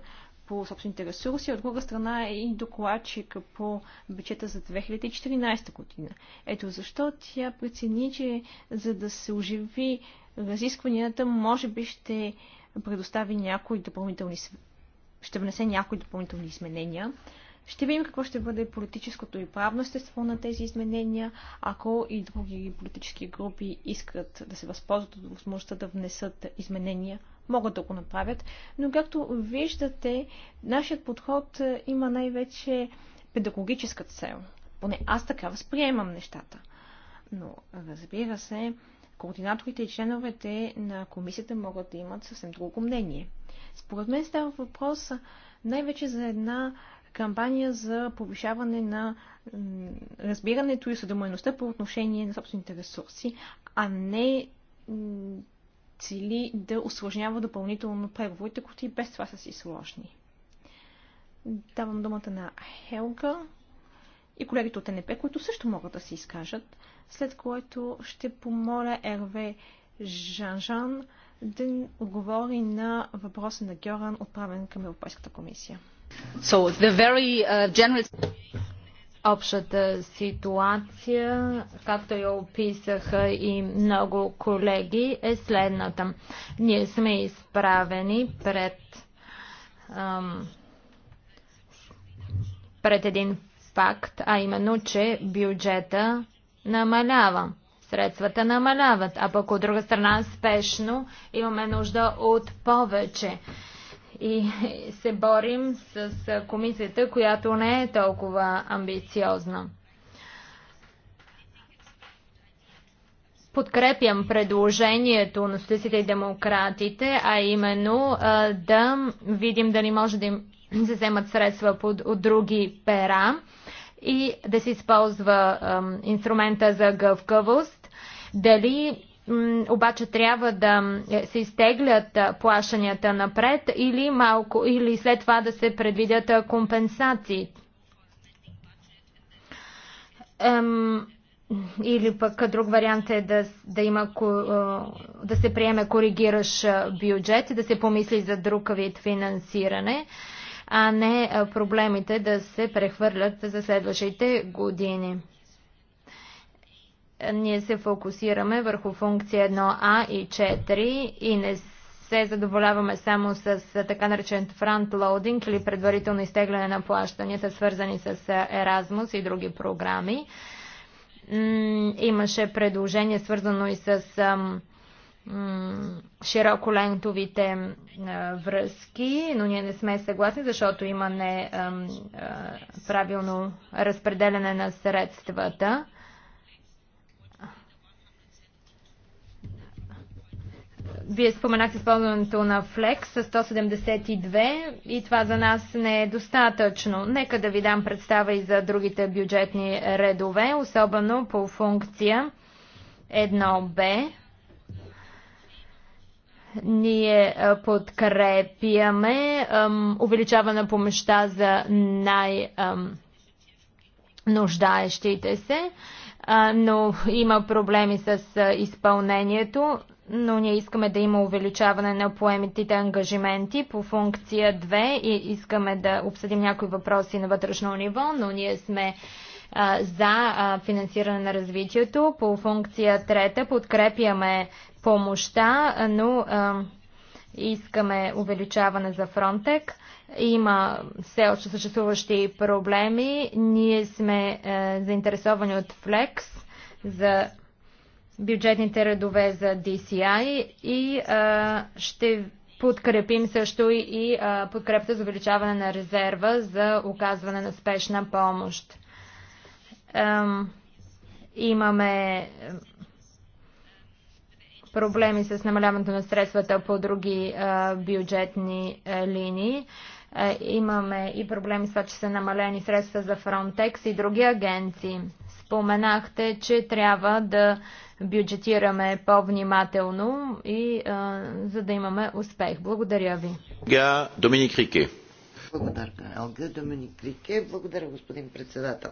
по собствените ресурси, от друга страна е и докладчик по бюджета за 2014 година. Ето защо тя прецени, че за да се оживи разискванията, може би ще предостави някои допълнителни ще внесе някои допълнителни изменения. Ще видим какво ще бъде политическото и правно естество на тези изменения, ако и други политически групи искат да се възползват от възможността да внесат изменения, могат да го направят. Но както виждате, нашият подход е, има най-вече педагогическа цел. Поне аз така възприемам нещата. Но, разбира се, координаторите и членовете на комисията могат да имат съвсем друго мнение. Според мен става въпрос най-вече за една кампания за повишаване на разбирането и съдомойността по отношение на собствените ресурси, а не цели да осложнява допълнително преговорите, които и без това са си сложни. Давам думата на Хелга и колегите от НП, които също могат да се изкажат, след което ще помоля РВ Жан-Жан да отговори на въпроса на Гьоран, отправен към Европейската комисия. So the very uh, general... Общата ситуация, както я описаха и много колеги, е следната. Ние сме изправени пред, ам, пред един факт, а именно, че бюджета намалява средствата намаляват, а пък от друга страна спешно имаме нужда от повече и се борим с комисията, която не е толкова амбициозна. Подкрепям предложението на студентите и демократите, а именно да видим дали може да им се вземат средства под, от други пера и да се използва инструмента за гъвкавост. Дали обаче трябва да е, се изтеглят плащанията напред или, малко, или след това да се предвидят компенсации. Или пък друг вариант е да, да, има, да се приеме коригираш бюджет, да се помисли за друг вид финансиране, а не проблемите да се прехвърлят за следващите години ние се фокусираме върху функция 1А и 4 и не се задоволяваме само с така наречен фронтлоудинг или предварително изтегляне на плащанията, свързани с Erasmus и други програми. Имаше предложение, свързано и с широколентовите връзки, но ние не сме съгласни, защото има неправилно разпределяне на средствата. Вие споменахте използването на Flex с 172 и това за нас не е достатъчно. Нека да ви дам представа и за другите бюджетни редове, особено по функция 1b. Ние подкрепяме ем, увеличаване на помощта за най-нуждаещите се но има проблеми с изпълнението но ние искаме да има увеличаване на поемитите ангажименти по функция 2 и искаме да обсъдим някои въпроси на вътрешно ниво, но ние сме за финансиране на развитието. По функция трета подкрепяме помощта, но искаме увеличаване за Фронтек. Има все още съществуващи проблеми. Ние сме е, заинтересовани от Флекс за бюджетните редове за DCI и а, ще подкрепим също и, и а, подкрепта за увеличаване на резерва за оказване на спешна помощ. Ам, имаме проблеми с намаляването на средствата по други а, бюджетни а, линии. А, имаме и проблеми с това, че са намалени средства за Frontex и други агенции. Споменахте, че трябва да бюджетираме по-внимателно и а, за да имаме успех. Благодаря ви. Доминик Рике. Благодаря, Елга Доминик Рике. Благодаря, господин председател.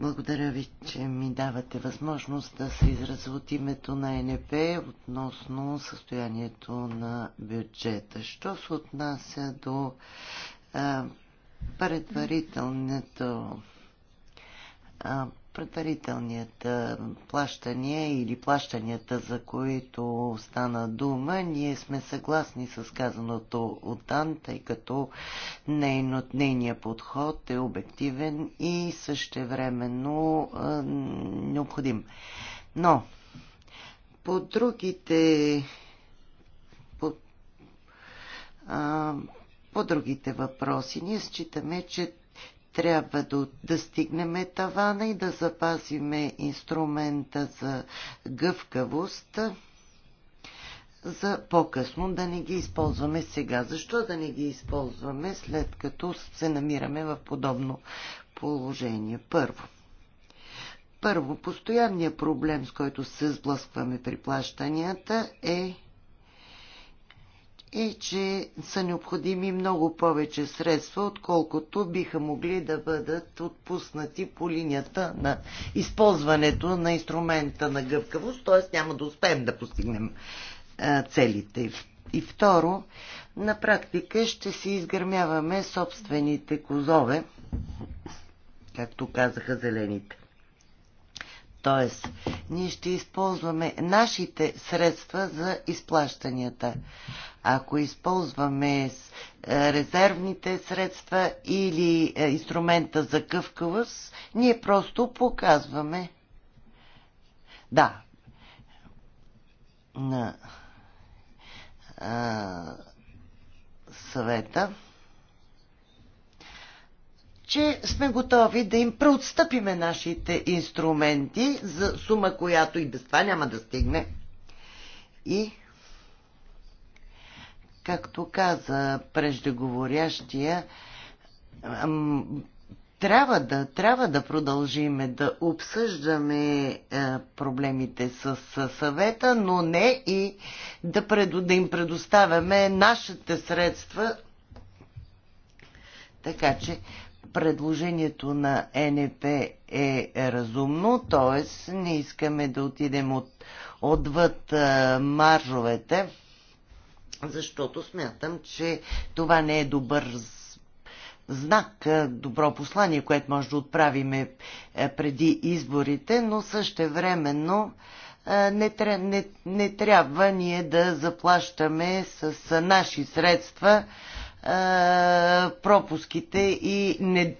Благодаря ви, че ми давате възможност да се изразя от името на НП относно състоянието на бюджета. Що се отнася до а, предварителното Предварителният плащания или плащанията, за които стана дума, ние сме съгласни с казаното от Дан, тъй като нейно, нейният подход е обективен и същевременно а, необходим. Но по другите по, а, по другите въпроси ние считаме, че трябва да, достигнем стигнем тавана и да запазиме инструмента за гъвкавост за по-късно да не ги използваме сега. Защо да не ги използваме след като се намираме в подобно положение? Първо. Първо, постоянният проблем, с който се сблъскваме при плащанията е и че са необходими много повече средства, отколкото биха могли да бъдат отпуснати по линията на използването на инструмента на гъвкавост, т.е. няма да успеем да постигнем целите. И второ, на практика ще си изгърмяваме собствените козове, както казаха зелените. Тоест, ние ще използваме нашите средства за изплащанията. Ако използваме е, резервните средства или е, инструмента за къвкавост, ние просто показваме. Да. На съвета че сме готови да им преотстъпиме нашите инструменти за сума, която и без това няма да стигне. И, както каза преждеговорящия, трябва да, трябва да продължиме да обсъждаме е, проблемите с, с съвета, но не и да, пред, да им предоставяме нашите средства. Така че предложението на НП е разумно, т.е. не искаме да отидем от, отвъд а, маржовете, защото смятам, че това не е добър знак, добро послание, което може да отправиме е, преди изборите, но същевременно не, не, не трябва ние да заплащаме с наши средства пропуските и не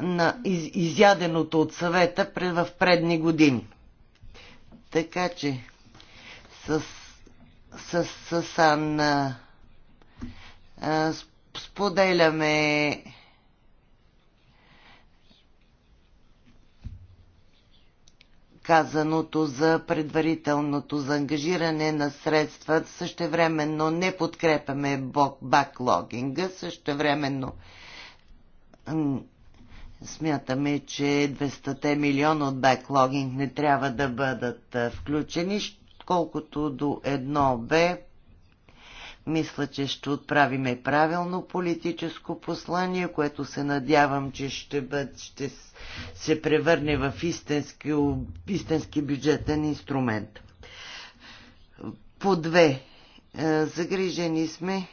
на из, изяденото от съвета в предни години. Така че с, с, с Анна споделяме казаното за предварителното заангажиране на средства. Същевременно не подкрепяме баклогинга, същевременно смятаме, че 200 милиона от баклогинг не трябва да бъдат включени, колкото до едно бе мисля, че ще отправиме правилно политическо послание, което се надявам, че ще, бъд, ще се превърне в истински, истински бюджетен инструмент. По две. Е, загрижени сме е,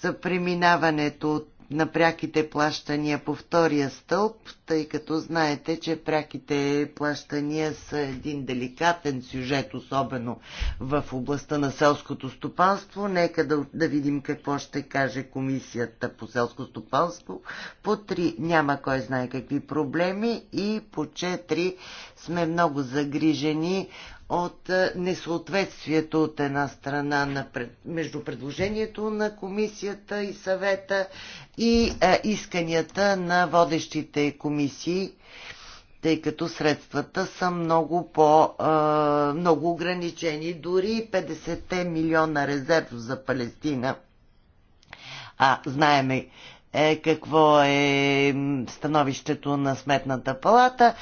за преминаването от на пряките плащания по втория стълб, тъй като знаете, че пряките плащания са един деликатен сюжет, особено в областта на селското стопанство. Нека да, да видим какво ще каже комисията по селско стопанство. По три няма кой знае какви проблеми и по четири сме много загрижени от е, несъответствието от една страна на пред, между предложението на комисията и съвета и а, е, исканията на водещите комисии, тъй като средствата са много, по, а, е, много ограничени. Дори 50 милиона резерв за Палестина. А, знаеме е, какво е становището на Сметната палата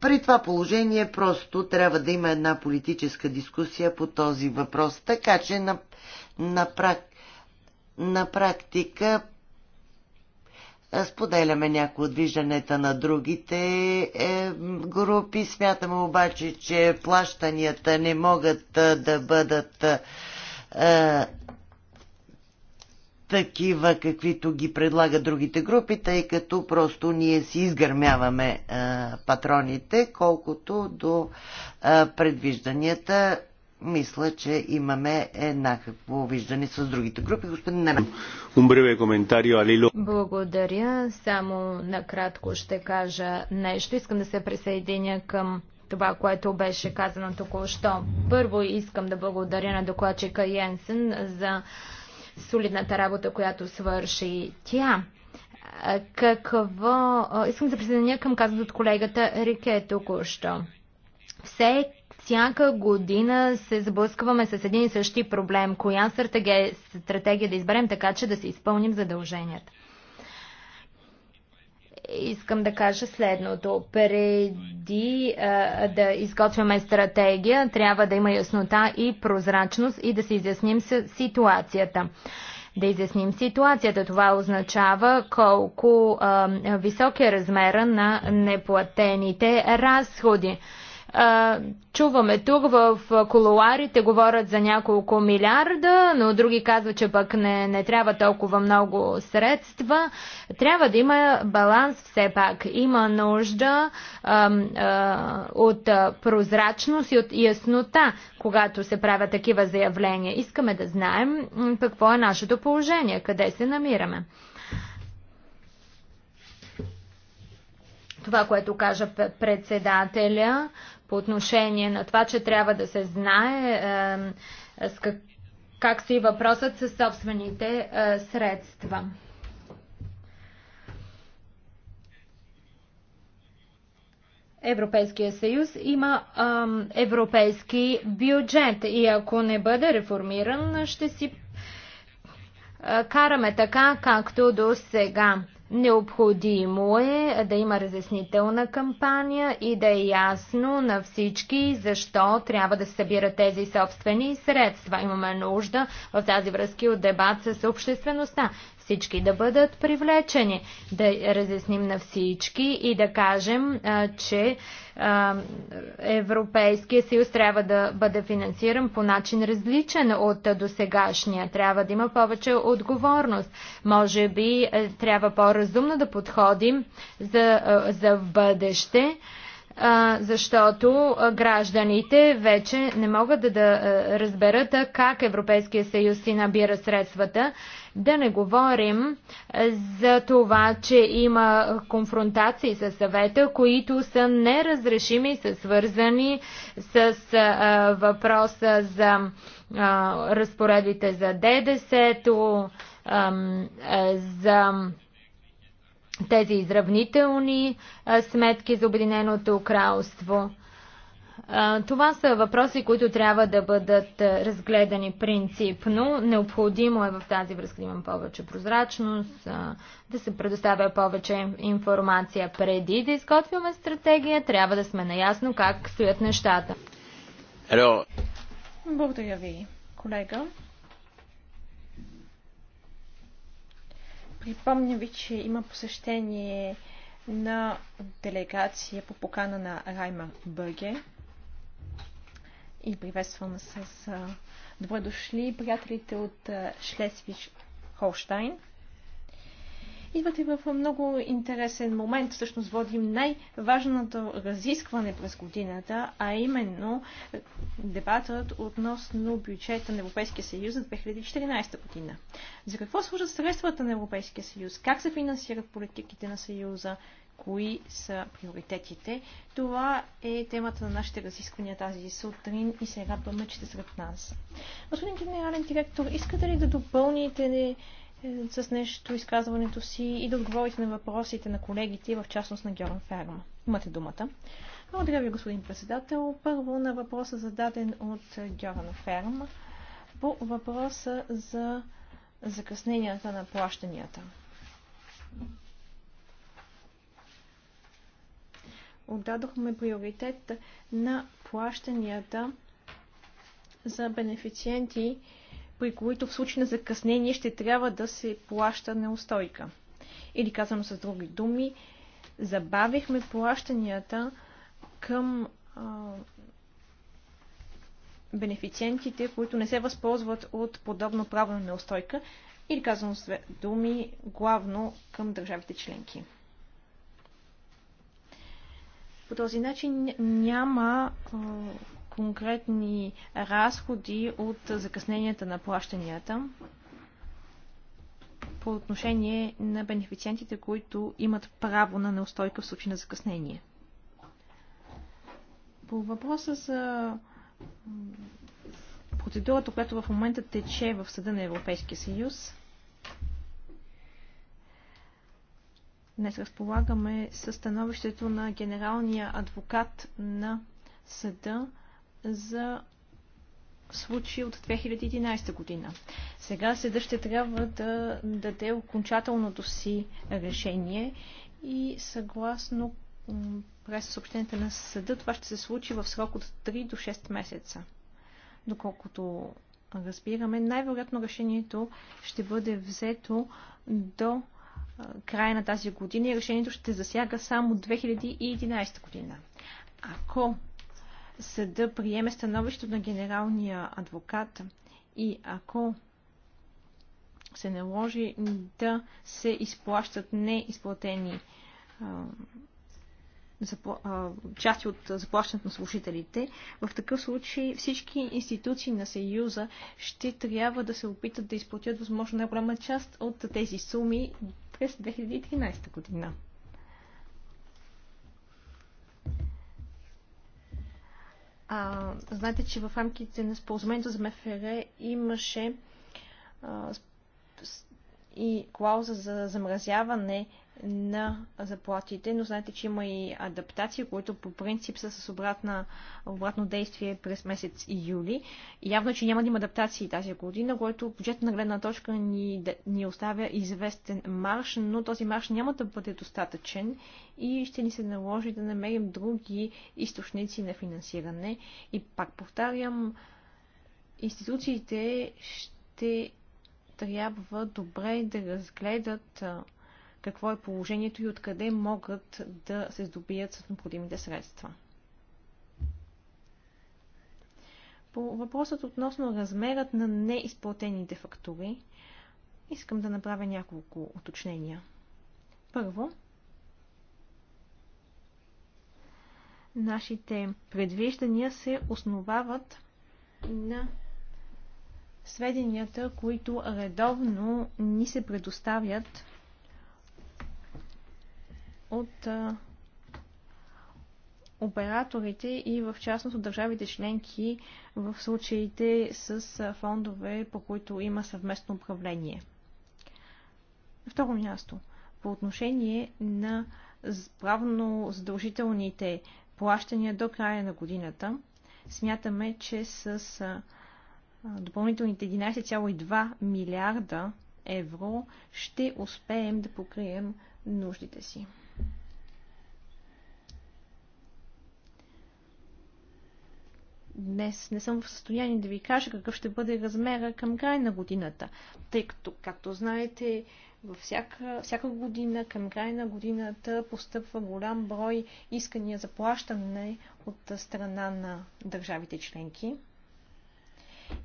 при това положение просто трябва да има една политическа дискусия по този въпрос, така че на, на, прак, на практика споделяме някои от вижданията на другите е, групи. Смятаме обаче, че плащанията не могат да бъдат такива, каквито ги предлагат другите групи, тъй като просто ние си изгърмяваме а, патроните, колкото до а, предвижданията. Мисля, че имаме еднакво виждане с другите групи. Господин Нена. Благодаря. Само накратко ще кажа нещо. Искам да се присъединя към това, което беше казано току-що. Първо искам да благодаря на докладчика Йенсен за солидната работа, която свърши тя. Какво... Искам да присъединя към казата от колегата Рике току-що. Все, всяка година се сблъскваме с един и същи проблем. Коя стратегия, стратегия да изберем така, че да се изпълним задълженията? искам да кажа следното. Преди а, да изготвяме стратегия, трябва да има яснота и прозрачност и да се изясним ситуацията. Да изясним ситуацията. Това означава колко а, висок е размера на неплатените разходи. А, Чуваме тук в колуарите говорят за няколко милиарда, но други казват, че пък не, не трябва толкова много средства. Трябва да има баланс все пак. Има нужда а, а, от прозрачност и от яснота, когато се правят такива заявления. Искаме да знаем какво е нашето положение, къде се намираме. това, което кажа председателя по отношение на това, че трябва да се знае е, с как, как си въпросът с собствените е, средства. Европейския съюз има ам, европейски бюджет и ако не бъде реформиран, ще си а, е, караме така, както до сега. Необходимо е да има разяснителна кампания и да е ясно на всички защо трябва да се събират тези собствени средства. Имаме нужда в тази връзки от дебат с обществеността всички да бъдат привлечени, да разясним на всички и да кажем, че Европейския съюз трябва да бъде финансиран по начин различен от досегашния. Трябва да има повече отговорност. Може би трябва по-разумно да подходим за, за бъдеще защото гражданите вече не могат да, да разберат как Европейския съюз си набира средствата. Да не говорим за това, че има конфронтации с съвета, които са неразрешими, и са свързани с въпроса за разпоредите за ДДС, за тези изравнителни сметки за Обединеното кралство. Това са въпроси, които трябва да бъдат разгледани принципно. Необходимо е в тази връзка да имам повече прозрачност, да се предоставя повече информация преди да изготвяме стратегия. Трябва да сме наясно как стоят нещата. Hello. Благодаря ви, колега. Припомня ви, че има посещение на делегация по покана на Раймар Бърге и приветствам с а, добре дошли приятелите от Шлесвич Холштайн. Идвате в много интересен момент. Всъщност водим най-важното разискване през годината, а именно дебатът относно бюджета на Европейския съюз за 2014 година. За какво служат средствата на Европейския съюз? Как се финансират политиките на съюза? кои са приоритетите. Това е темата на нашите разисквания тази сутрин и се радваме, че сте сред нас. Господин генерален директор, искате ли да допълните е, с нещо изказването си и да отговорите на въпросите на колегите, в частност на Георан Ферма? Имате думата. Благодаря ви, господин председател. Първо на въпроса зададен от Георан Ферма по въпроса за закъсненията на плащанията. отдадохме приоритет на плащанията за бенефициенти, при които в случай на закъснение ще трябва да се плаща неустойка. Или казано с други думи, забавихме плащанията към а, бенефициентите, които не се възползват от подобно право на неустойка, или казано с думи, главно към държавите членки. По този начин няма конкретни разходи от закъсненията на плащанията по отношение на бенефициентите, които имат право на неустойка в случай на закъснение. По въпроса за процедурата, която в момента тече в Съда на Европейския съюз, Днес разполагаме с становището на генералния адвокат на съда за случай от 2011 година. Сега съда ще трябва да даде окончателното си решение и съгласно през съобщенията на съда това ще се случи в срок от 3 до 6 месеца. Доколкото разбираме, най-вероятно решението ще бъде взето до края на тази година и решението ще засяга само 2011 година. Ако съда приеме становището на генералния адвокат и ако се наложи да се изплащат неизплатени части от заплащането на служителите, в такъв случай всички институции на Съюза ще трябва да се опитат да изплатят възможно най-голяма част от тези суми през 2013 година. А, знаете, че в рамките на споразумението за МФР имаше а, и клауза за замразяване на заплатите, но знаете, че има и адаптации, които по принцип са с обратна, обратно действие през месец и юли. И явно, че няма да има адаптации тази година, което бюджетна гледна точка ни, ни оставя известен марш, но този марш няма да бъде достатъчен и ще ни се наложи да намерим други източници на финансиране. И пак повтарям, институциите ще трябва добре да разгледат какво е положението и откъде могат да се здобият с необходимите средства. По въпросът относно размерът на неизплатените фактури, искам да направя няколко уточнения. Първо, нашите предвиждания се основават на сведенията, които редовно ни се предоставят от операторите и в частност от държавите членки в случаите с фондове, по които има съвместно управление. На второ място, по отношение на правно задължителните плащания до края на годината, смятаме, че с допълнителните 11,2 милиарда евро ще успеем да покрием нуждите си. днес не съм в състояние да ви кажа какъв ще бъде размера към края на годината, тъй като, както знаете, във всяка, всяка година, към края на годината, постъпва голям брой искания за плащане от страна на държавите членки.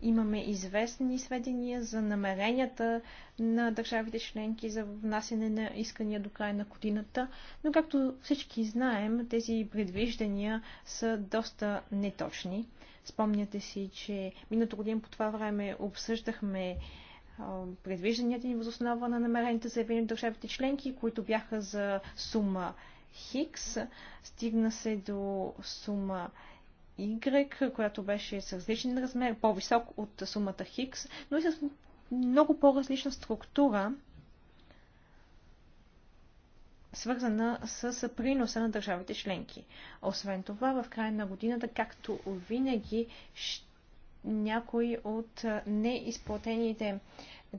Имаме известни сведения за намеренията на държавите членки за внасяне на искания до края на годината, но както всички знаем, тези предвиждания са доста неточни. Спомняте си, че миналото година по това време обсъждахме предвижданията ни възоснова на намерените заявени от държавите членки, които бяха за сума Хикс. Стигна се до сума Y, която беше с различен размер, по-висок от сумата Хикс, но и с много по-различна структура, свързана с приноса на държавите членки. Освен това, в края на годината, както винаги, някои от неизплатените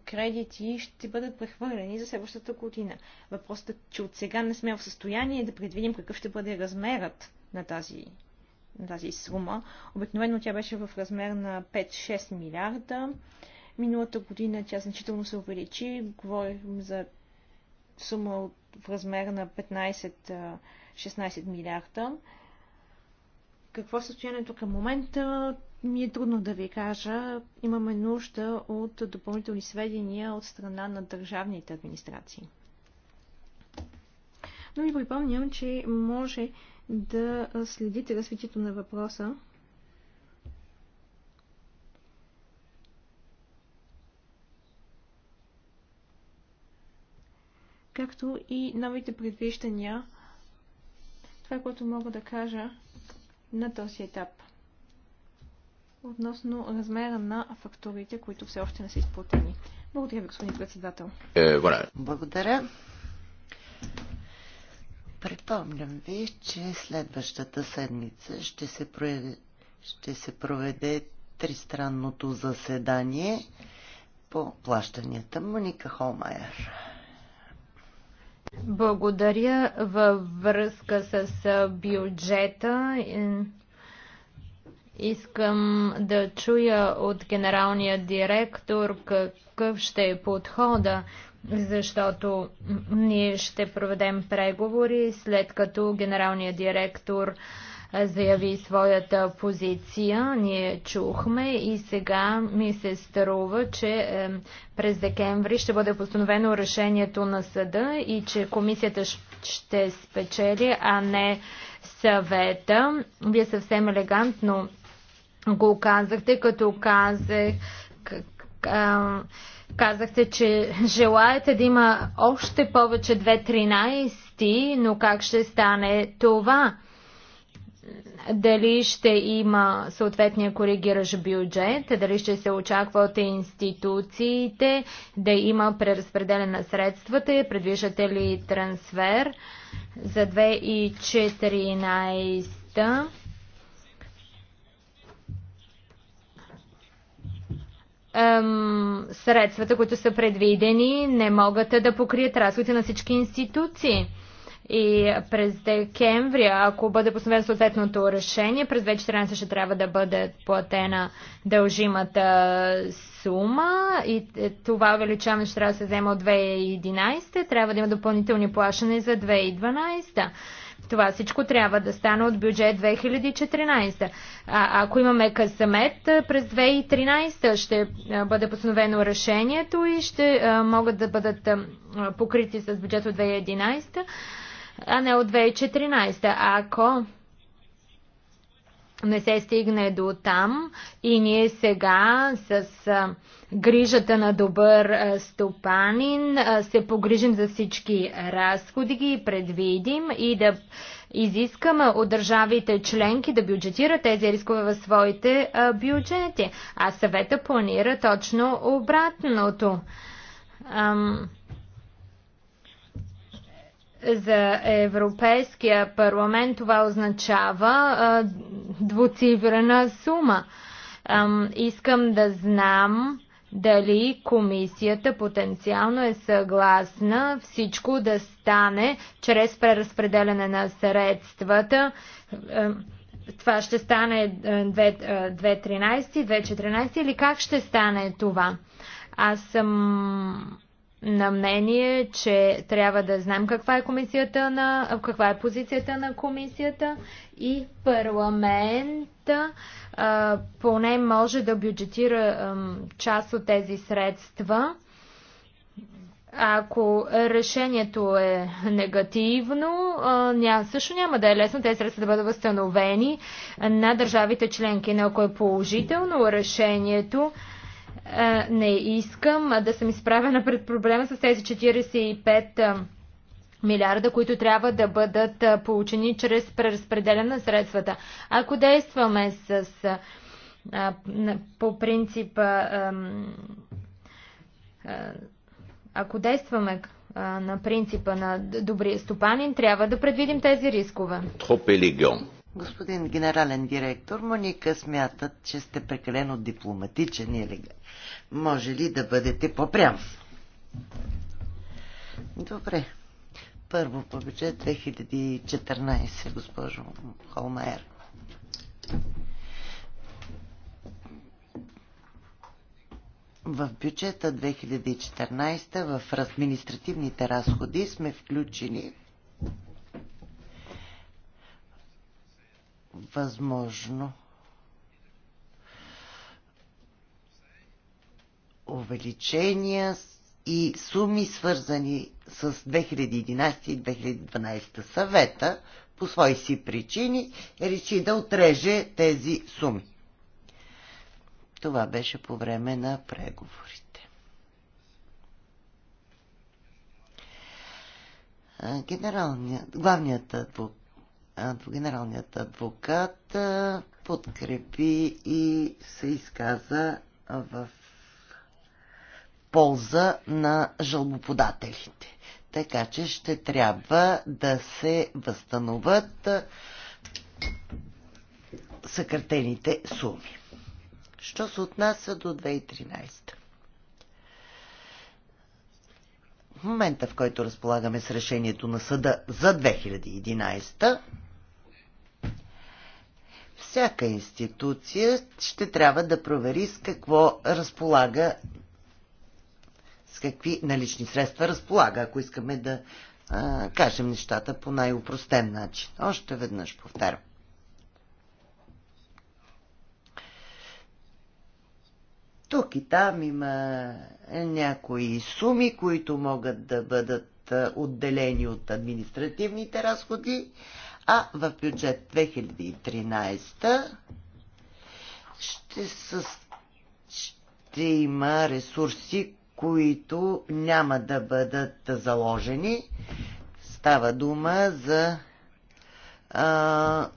кредити ще бъдат прехвърлени за следващата година. Въпросът е, че от сега не сме в състояние да предвидим какъв ще бъде размерът на тази тази сума. Обикновено тя беше в размер на 5-6 милиарда. Миналата година тя значително се увеличи. Говорим за сума в размер на 15-16 милиарда. Какво е състоянието към момента? Ми е трудно да ви кажа. Имаме нужда от допълнителни сведения от страна на държавните администрации. Но ви припомням, че може да следите развитието на въпроса. както и новите предвиждания. Това, е което мога да кажа на този етап относно размера на фактурите, които все още не са изплатени. Благодаря ви, господин председател. Е, Благодаря. Припомням ви, че следващата седмица ще се, прояви, ще се проведе тристранното заседание по плащанията. Моника Холмайер. Благодаря във връзка с бюджета. Е, искам да чуя от генералния директор какъв ще е подхода защото ние ще проведем преговори след като генералният директор заяви своята позиция. Ние чухме и сега ми се старува, че през декември ще бъде постановено решението на съда и че комисията ще спечели, а не съвета. Вие съвсем елегантно го казахте, като казах Казахте, че желаете да има още повече 2.13, но как ще стане това? Дали ще има съответния коригираш бюджет, дали ще се очаква от институциите да има преразпределение на средствата, предвиждате ли трансфер за 2014? ем, средствата, които са предвидени, не могат да покрият разходите на всички институции. И през декември, ако бъде постановено съответното решение, през 2014 ще трябва да бъде платена дължимата сума и е, това увеличаване ще трябва да се взема от 2011. Трябва да има допълнителни плащания за 2012. Това всичко трябва да стане от бюджет 2014. А, ако имаме късамет, през 2013 ще бъде постановено решението и ще а, могат да бъдат а, покрити с бюджет от 2011, а не от 2014. А ако не се стигне до там и ние сега с грижата на добър стопанин се погрижим за всички разходи, ги предвидим и да изискаме от държавите членки да бюджетират тези рискове в своите бюджети. А съвета планира точно обратното. Ам за Европейския парламент това означава двуцифрена сума. искам да знам дали комисията потенциално е съгласна всичко да стане чрез преразпределяне на средствата. това ще стане 2013-2014 е, е, или как ще стане това? Аз съм на мнение, че трябва да знаем каква е, комисията на, каква е позицията на комисията и парламента а, поне може да бюджетира а, част от тези средства. Ако решението е негативно, ня, също няма да е лесно тези средства да бъдат възстановени на държавите членки. Но ако е положително решението, е, не искам да съм изправена пред проблема с тези 45 е, милиарда, които трябва да бъдат е, получени чрез преразпределяне на средствата. Ако действаме с, по принципа ако действаме на принципа на добрия стопанин, трябва да предвидим тези рискове. Троп елегант. Господин генерален директор, Моника смятат, че сте прекалено дипломатичен или може ли да бъдете по-прям? Добре. Първо по бюджет 2014, госпожо Холмайер. В бюджета 2014 в административните разходи сме включили възможно увеличения и суми свързани с 2011 и 2012 съвета по свои си причини речи да отреже тези суми. Това беше по време на преговорите. Генералният, главният адвок, генералният адвокат подкрепи и се изказа в полза на жалбоподателите. Така че ще трябва да се възстановят съкратените суми. Що се отнася до 2013? В момента, в който разполагаме с решението на съда за 2011, всяка институция ще трябва да провери с какво разполага, с какви налични средства разполага, ако искаме да а, кажем нещата по най-упростен начин. Още веднъж повтарям. Тук и там има някои суми, които могат да бъдат отделени от административните разходи, а в бюджет 2013 ще, с... ще има ресурси, които няма да бъдат заложени. Става дума за а,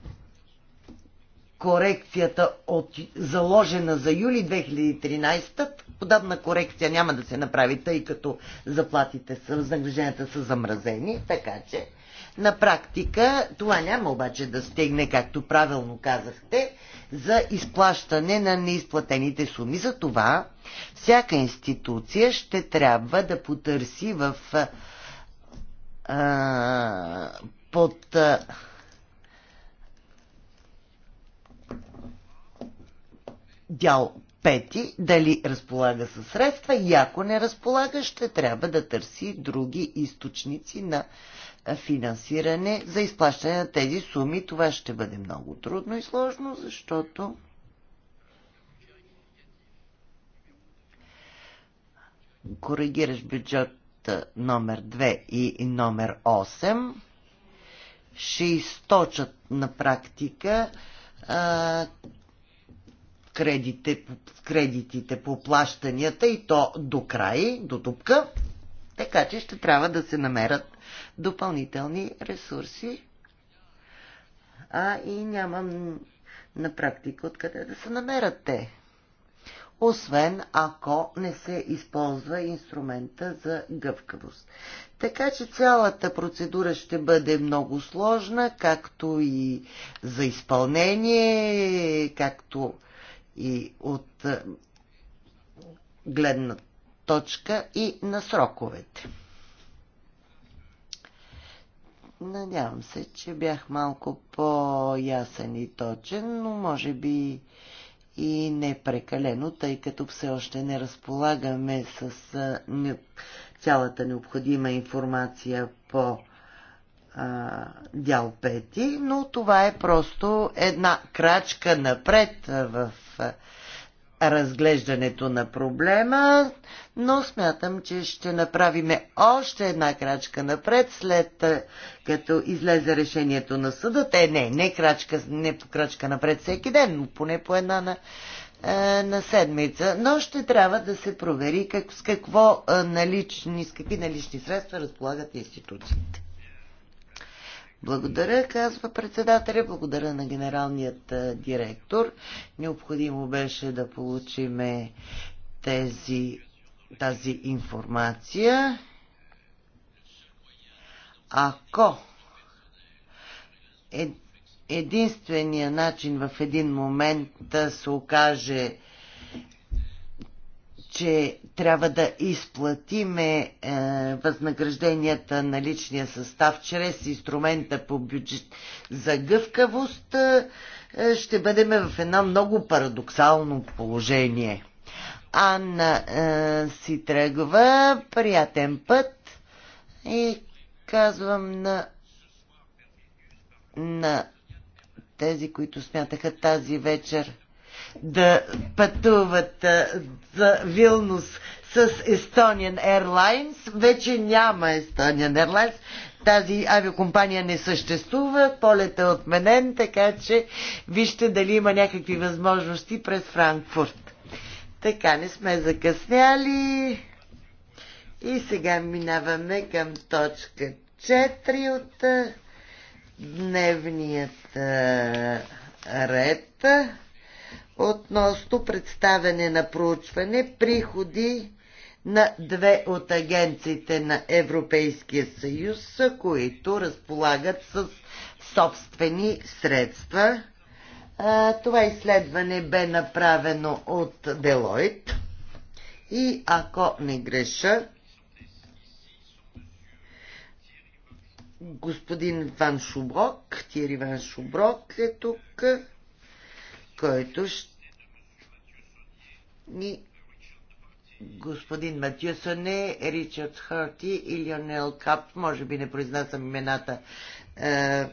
корекцията от, заложена за юли 2013. Подобна корекция няма да се направи, тъй като заплатите, възнагражденията са замразени, така че на практика това няма обаче да стигне, както правилно казахте, за изплащане на неизплатените суми. За това всяка институция ще трябва да потърси в а, под а, дял пети, дали разполага със средства и ако не разполага, ще трябва да търси други източници на финансиране за изплащане на тези суми. Това ще бъде много трудно и сложно, защото коригираш бюджет номер 2 и номер 8 ще източат на практика а, кредите, кредитите по плащанията и то до край, до дупка. Така че ще трябва да се намерят допълнителни ресурси. А и нямам на практика откъде да се намерят те. Освен ако не се използва инструмента за гъвкавост. Така че цялата процедура ще бъде много сложна, както и за изпълнение, както и от гледната точка и на сроковете. Надявам се, че бях малко по-ясен и точен, но може би и не прекалено, тъй като все още не разполагаме с цялата необходима информация по а, дял пети, но това е просто една крачка напред в а, разглеждането на проблема, но смятам, че ще направим още една крачка напред, след като излезе решението на съда. Те не, не, крачка, не по крачка напред всеки ден, но поне по една на, на седмица. Но ще трябва да се провери как, с, какво, налични, с какви налични средства разполагат институциите. Благодаря, казва председателя, благодаря на генералният директор. Необходимо беше да получиме тези, тази информация. Ако е, единствения начин в един момент да се окаже че трябва да изплатиме е, възнагражденията на личния състав чрез инструмента по бюджет за гъвкавост, е, е, ще бъдем в едно много парадоксално положение. Анна е, си тръгва, приятен път и казвам на, на тези, които смятаха тази вечер да пътуват за Вилнус с Estonian Airlines. Вече няма Estonian Airlines. Тази авиокомпания не съществува, полет е отменен, така че вижте дали има някакви възможности през Франкфурт. Така, не сме закъсняли. И сега минаваме към точка 4 от дневният ред относно представяне на проучване приходи на две от агенциите на Европейския съюз, които разполагат с собствени средства. Това изследване бе направено от Делойт и ако не греша, господин Ван Шуброк, Тири Ван Шуброк е тук, който ще ни господин Матю Соне, Ричард Харти и Лионел Кап, може би не произнасям имената е,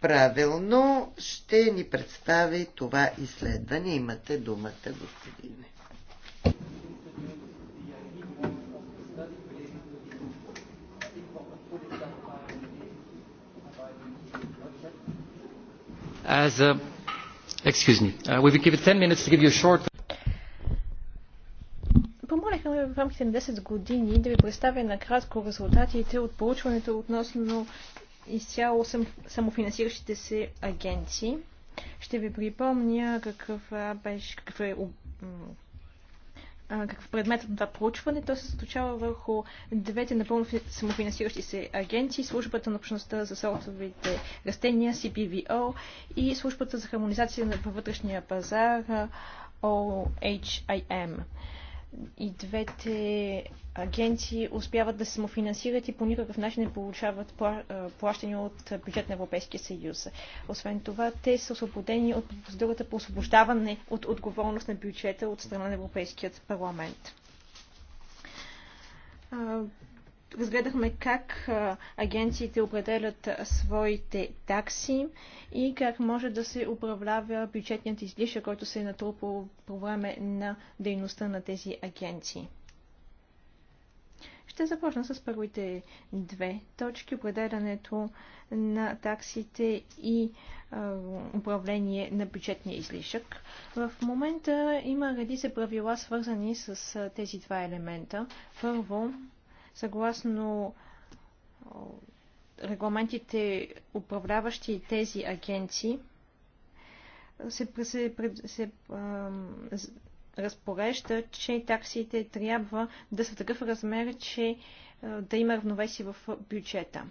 правилно, ще ни представи това изследване. Имате думата, господине. As a, excuse me, uh, we've given 10 minutes to give you a short рамките на 10 години да ви представя накратко резултатите от получването относно изцяло самофинансиращите се агенции. Ще ви припомня какъв беше, какъв е какъв е предмет на това проучване. То се състочава върху двете напълно самофинансиращи се агенции, службата на общността за сортовите растения, CPVO, и службата за хармонизация на вътрешния пазар, OHIM и двете агенции успяват да се самофинансират и по никакъв начин не получават плащане от бюджет на Европейския съюз. Освен това, те са освободени от процедурата по освобождаване от отговорност на бюджета от страна на Европейският парламент разгледахме как агенциите определят своите такси и как може да се управлява бюджетният излишък, който се е натрупал по време на дейността на тези агенции. Ще започна с първите две точки. Определянето на таксите и а, управление на бюджетния излишък. В момента има редица правила, свързани с а, тези два елемента. Първо, Съгласно регламентите, управляващи тези агенции, се, се, се а, разпорежда, че таксите трябва да са такъв размер, че да има равновесие в бюджета.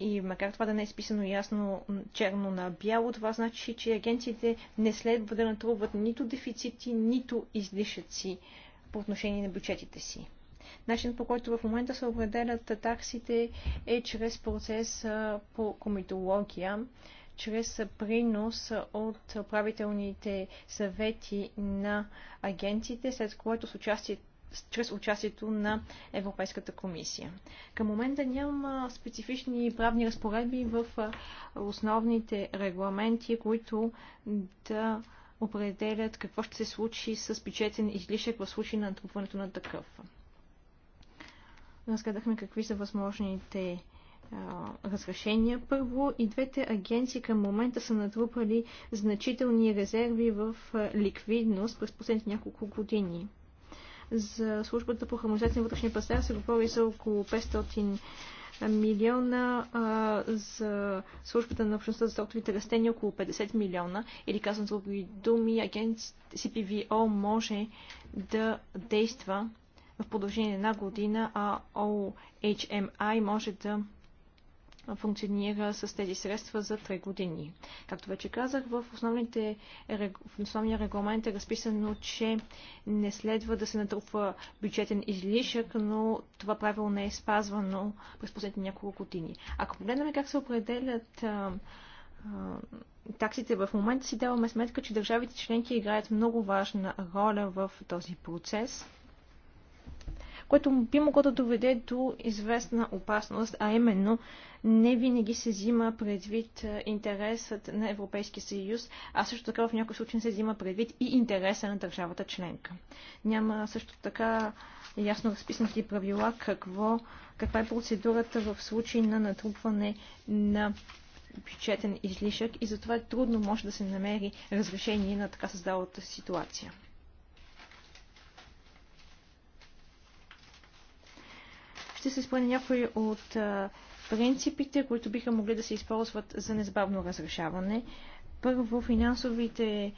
И макар това да не е списано ясно черно на бяло, това значи, че агенциите не следва да натрупват нито дефицити, нито излишъци по отношение на бюджетите си. Начинът по който в момента се определят таксите е чрез процес по комитология, чрез принос от правителните съвети на агенциите, след което с участието чрез участието на Европейската комисия. Към момента няма специфични правни разпоредби в основните регламенти, които да определят какво ще се случи с бюджетен излишък в случай на натрупването на такъв разгледахме какви са възможните разрешения първо и двете агенции към момента са натрупали значителни резерви в ликвидност през последните няколко години. За службата по хармонизация на вътрешния пазар се говори за около 500 милиона, а, за службата на общността за стоковите растения около 50 милиона. Или казвам с други думи, агент CPVO може да действа в продължение на една година, а OHMI може да функционира с тези средства за 3 години. Както вече казах, в, основните, в основния регламент е разписано, че не следва да се натрупва бюджетен излишък, но това правило не е спазвано през последните няколко години. Ако погледнем как се определят а, а, таксите в момента си даваме сметка, че държавите членки играят много важна роля в този процес което би могло да доведе до известна опасност, а именно не винаги се взима предвид е, интересът на Европейския съюз, а също така в някои случаи се взима предвид и интереса на държавата членка. Няма също така ясно разписани правила какво, каква е процедурата в случай на натрупване на бюджетен излишък и затова е трудно може да се намери разрешение на така създалата ситуация. ще се спомня някои от принципите, които биха могли да се използват за незабавно разрешаване. Първо, финансовите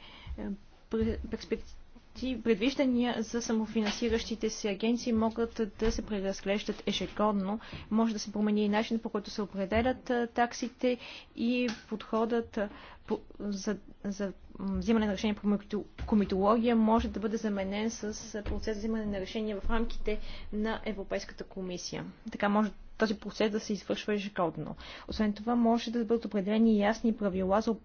перспективи ти предвиждания за самофинансиращите се агенции могат да се преразглеждат ежегодно. Може да се промени и начин по който се определят таксите и подходът за, за взимане на решение по комитология може да бъде заменен с процес за взимане на решение в рамките на Европейската комисия. Така може този процес да се извършва ежегодно. Освен това, може да бъдат определени ясни правила за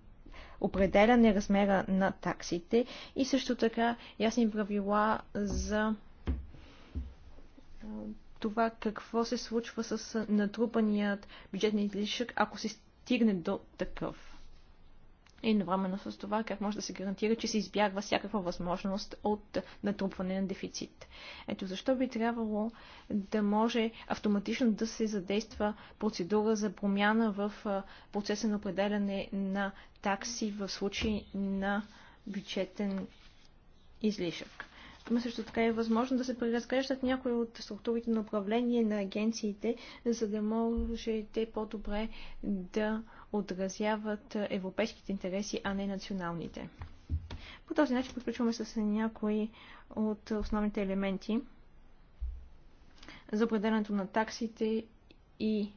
определяне размера на таксите и също така ясни правила за това какво се случва с натрупаният бюджетен излишък, ако се стигне до такъв едновременно с това как може да се гарантира, че се избягва всякаква възможност от натрупване на дефицит. Ето защо би трябвало да може автоматично да се задейства процедура за промяна в процеса на определяне на такси в случай на бюджетен излишък. Има също така и възможно да се преразглеждат някои от структурите на управление на агенциите, за да може те по-добре да отразяват европейските интереси, а не националните. По този начин приключваме с някои от основните елементи за определенето на таксите и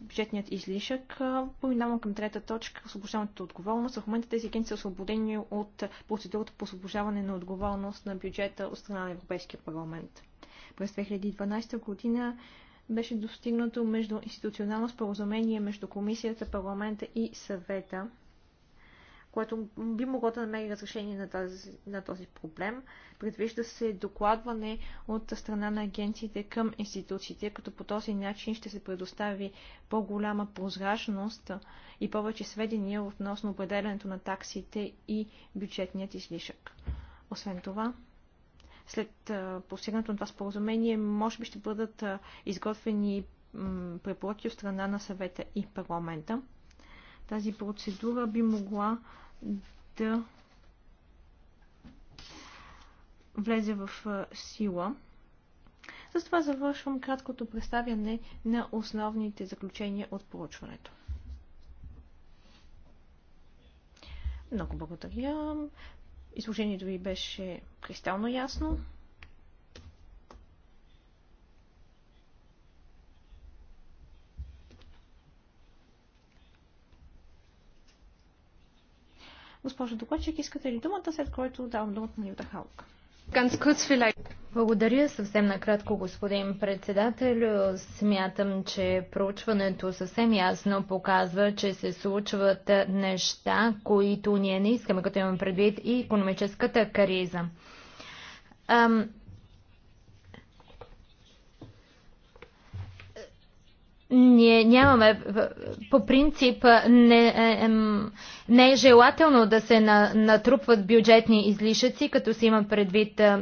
бюджетният излишък. Поминавам към трета точка освобождаването от отговорност. В момента тези агенции са освободени от процедурата по освобождаване на отговорност на бюджета от страна на Европейския парламент. През 2012 година беше достигнато между институционално споразумение между комисията, парламента и съвета което би могло да намери разрешение на, тази, на този проблем. Предвижда се докладване от страна на агенциите към институциите, като по този начин ще се предостави по-голяма прозрачност и повече сведения относно определенето на таксите и бюджетният излишък. Освен това, след постигнато на това споразумение, може би ще бъдат изготвени препоръки от страна на съвета и парламента. Тази процедура би могла да влезе в сила. С това завършвам краткото представяне на основните заключения от проучването. Много благодаря. Изложението ви беше кристално ясно. Госпожо докладчик, искате ли думата, след което давам думата на Юта Халк? Благодаря съвсем накратко, господин председател. Смятам, че проучването съвсем ясно показва, че се случват неща, които ние не искаме, като имам предвид и економическата криза. ние нямаме, по принцип не, не е желателно да се натрупват бюджетни излишъци, като се има предвид е,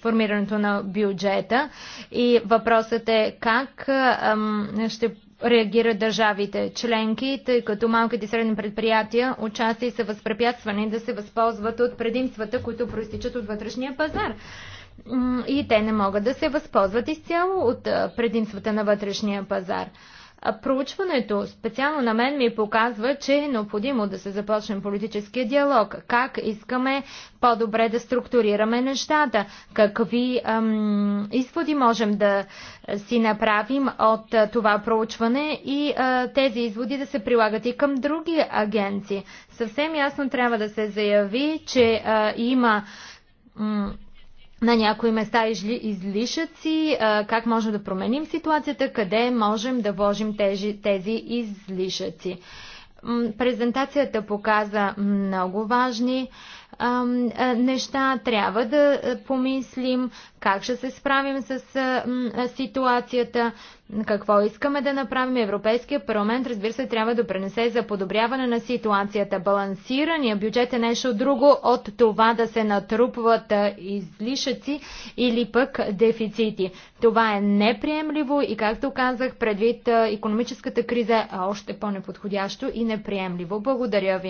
формирането на бюджета. И въпросът е как ще реагират държавите членки, тъй като малките и средни предприятия участие са възпрепятствани да се възползват от предимствата, които проистичат от вътрешния пазар и те не могат да се възползват изцяло от предимствата на вътрешния пазар. Проучването специално на мен ми показва, че е необходимо да се започне политическия диалог. Как искаме по-добре да структурираме нещата? Какви ам, изводи можем да си направим от а, това проучване и а, тези изводи да се прилагат и към други агенции? Съвсем ясно трябва да се заяви, че а, има на някои места излишъци, как можем да променим ситуацията, къде можем да вложим тези, тези излишъци. Презентацията показа много важни неща. Трябва да помислим как ще се справим с ситуацията, какво искаме да направим. Европейския парламент, разбира се, трябва да пренесе за подобряване на ситуацията. Балансирания бюджет е нещо друго от това да се натрупват излишъци или пък дефицити. Това е неприемливо и, както казах, предвид економическата криза е още по-неподходящо и неприемливо. Благодаря ви.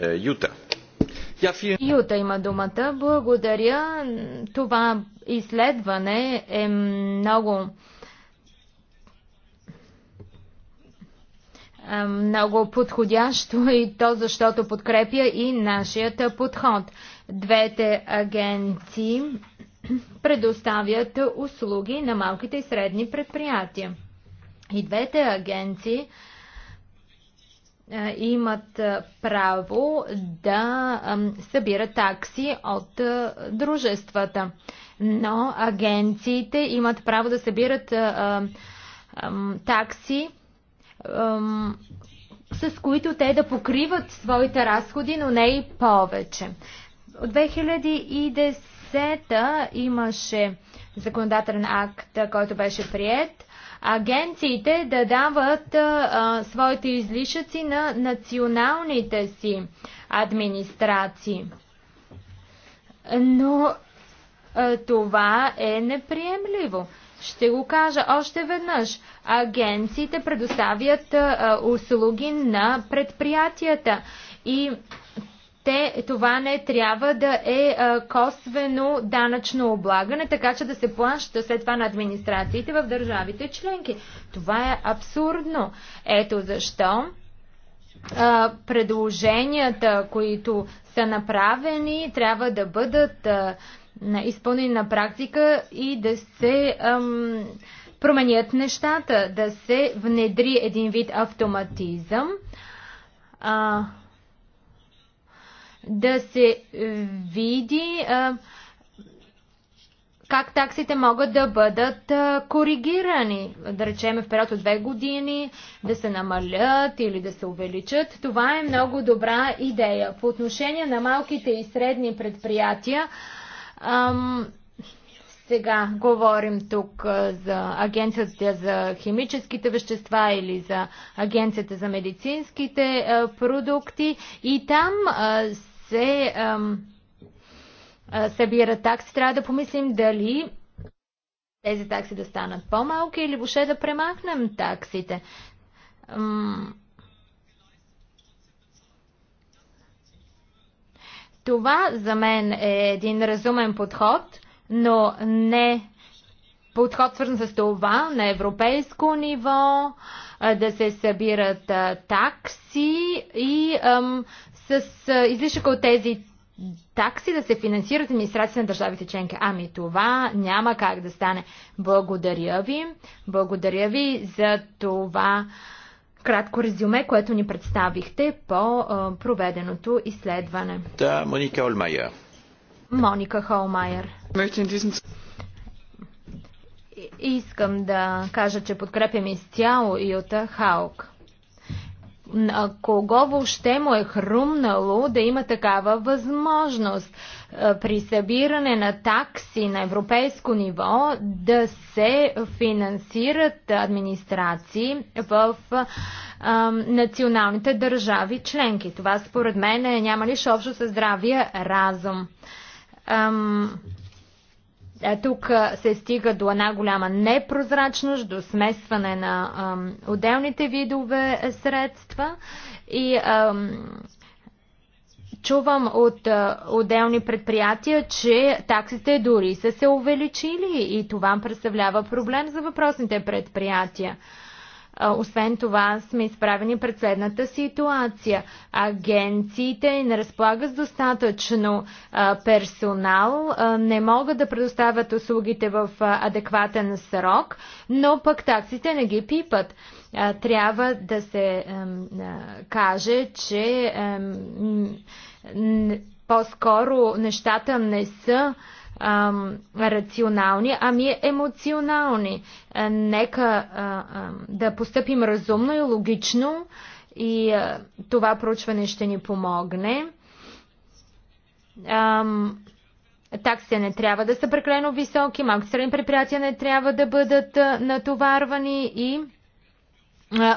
Е, Юта. Юта има думата. Благодаря. Това изследване е много е, много подходящо и то защото подкрепя и нашият подход. Двете агенции предоставят услуги на малките и средни предприятия. И двете агенции е, имат е, право да събират такси от е, дружествата. Но агенциите имат право да събират такси, с които те да покриват своите разходи, но не и повече. От 2010 имаше законодателен акт, който беше прият агенциите да дават а, своите излишъци на националните си администрации. Но а, това е неприемливо. Ще го кажа още веднъж. Агенциите предоставят а, услуги на предприятията и те, това не трябва да е косвено данъчно облагане, така че да се плаща след това на администрациите в държавите членки. Това е абсурдно. Ето защо а, предложенията, които са направени, трябва да бъдат а, изпълнени на практика и да се ам, променят нещата, да се внедри един вид автоматизъм. А, да се е, види е, как таксите могат да бъдат е, коригирани, да речем в период от две години, да се намалят или да се увеличат. Това е много добра идея. По отношение на малките и средни предприятия, сега говорим тук за Агенцията за химическите вещества или за Агенцията за медицинските продукти и там се ам, а, събира такси, трябва да помислим дали тези такси да станат по-малки или въобще да премахнем таксите. Ам, това за мен е един разумен подход, но не подход свързан с това на европейско ниво, да се събират такси и ам, с излишъка от тези такси да се финансират администрация на държавите членки. Ами това няма как да стане. Благодаря ви. Благодаря ви за това кратко резюме, което ни представихте по а, проведеното изследване. Да, Моника Олмайер. Моника Холмайер. Искам да кажа, че подкрепям изцяло Юта Хаук на кого въобще му е хрумнало да има такава възможност е, при събиране на такси на европейско ниво да се финансират администрации в а, е, е, националните държави членки. Това според мен няма нищо общо със здравия разум. Ам, е, тук е, се стига до една голяма непрозрачност, до смесване на отделните видове е, средства и чувам от отделни предприятия, че таксите дори са се увеличили и това представлява проблем за въпросните предприятия. Освен това сме изправени пред следната ситуация. Агенциите не разполагат с достатъчно персонал, не могат да предоставят услугите в адекватен срок, но пък таксите не ги пипат. Трябва да се каже, че по-скоро нещата не са ам, рационални, ами емоционални. А, е, нека а, а, да постъпим разумно и логично и а, това проучване ще ни помогне. Ам, Таксите не трябва да са прекалено високи, малки средни предприятия не трябва да бъдат натоварвани и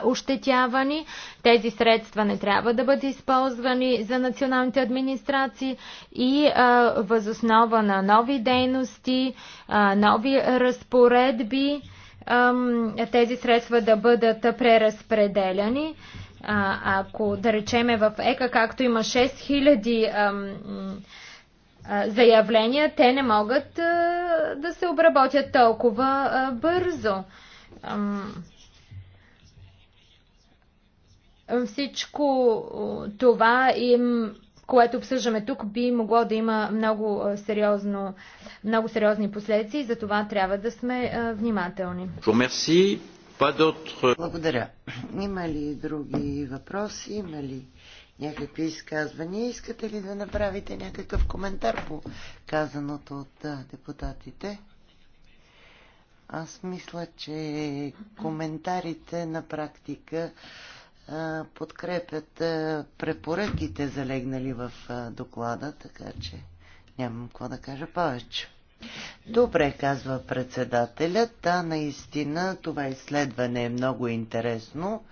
ощетявани. Тези средства не трябва да бъдат използвани за националните администрации и а, възоснова на нови дейности, а, нови разпоредби а, тези средства да бъдат преразпределяни. А, ако да речеме в ЕКА, както има 6000 заявления, те не могат а, да се обработят толкова а, бързо. Всичко това им което обсъждаме тук, би могло да има много, сериозно, много сериозни последици и за това трябва да сме е, внимателни. Благодаря. Има ли други въпроси? Има ли някакви изказвания? Искате ли да направите някакъв коментар по казаното от е, депутатите? Аз мисля, че коментарите на практика подкрепят препоръките, залегнали в доклада, така че нямам какво да кажа повече. Добре, казва председателят. Да, наистина това изследване е много интересно.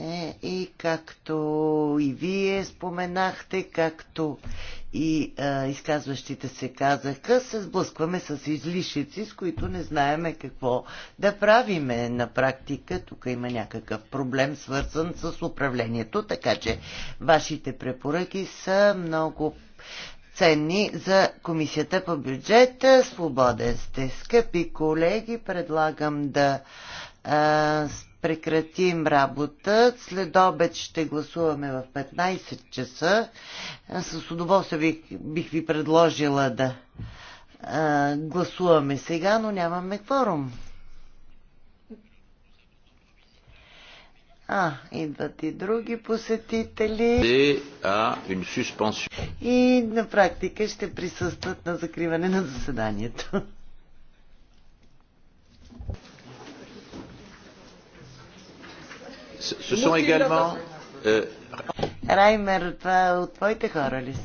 Е, и както и вие споменахте, както и а, изказващите се казаха, се сблъскваме с излишици, с които не знаеме какво да правиме на практика. Тук има някакъв проблем, свързан с управлението, така че вашите препоръки са много ценни за Комисията по бюджета. Свободен сте, скъпи колеги, предлагам да а, прекратим работа. След обед ще гласуваме в 15 часа. С удоволствие бих, бих ви предложила да а, гласуваме сега, но нямаме кворум. А, идват и други посетители. Е, и на практика ще присъстват на закриване на заседанието. Ce sont également... Euh, Раймер, това е от твоите хора ли са?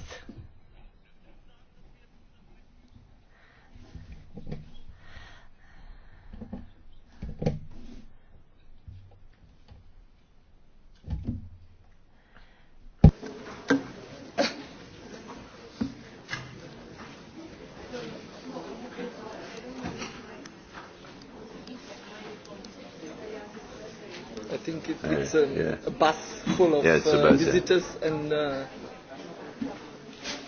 it's a, yeah. a bus full of yeah, uh, bus, visitors yeah. and. Uh...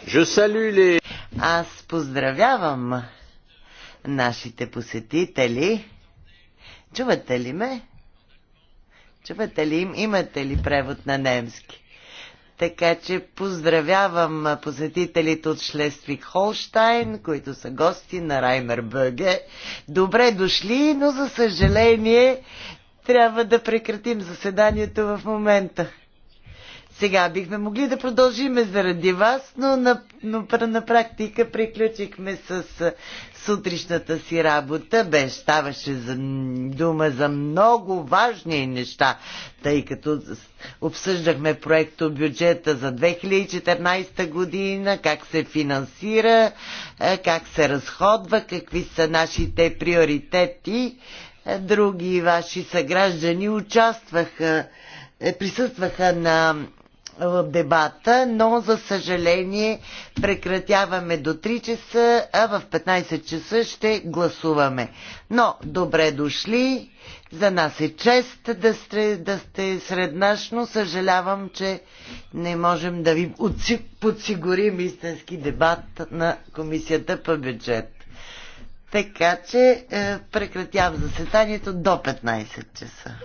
Je salue les... Аз поздравявам нашите посетители. Чувате ли ме? Чувате ли им? Имате ли превод на немски? Така че поздравявам посетителите от Шлествик Холштайн, които са гости на Раймер Бъге. Добре дошли, но за съжаление трябва да прекратим заседанието в момента. Сега бихме могли да продължиме заради вас, но на, но на практика приключихме с сутрешната си работа. Бе, ставаше за, дума за много важни неща, тъй като обсъждахме проекто бюджета за 2014 година, как се финансира, как се разходва, какви са нашите приоритети други ваши съграждани участваха, е, присъстваха на в дебата, но за съжаление прекратяваме до 3 часа, а в 15 часа ще гласуваме. Но добре дошли, за нас е чест да сте, да сте сред нас, но съжалявам, че не можем да ви подсигурим истински дебат на Комисията по бюджет. Така че е, прекратявам заседанието до 15 часа.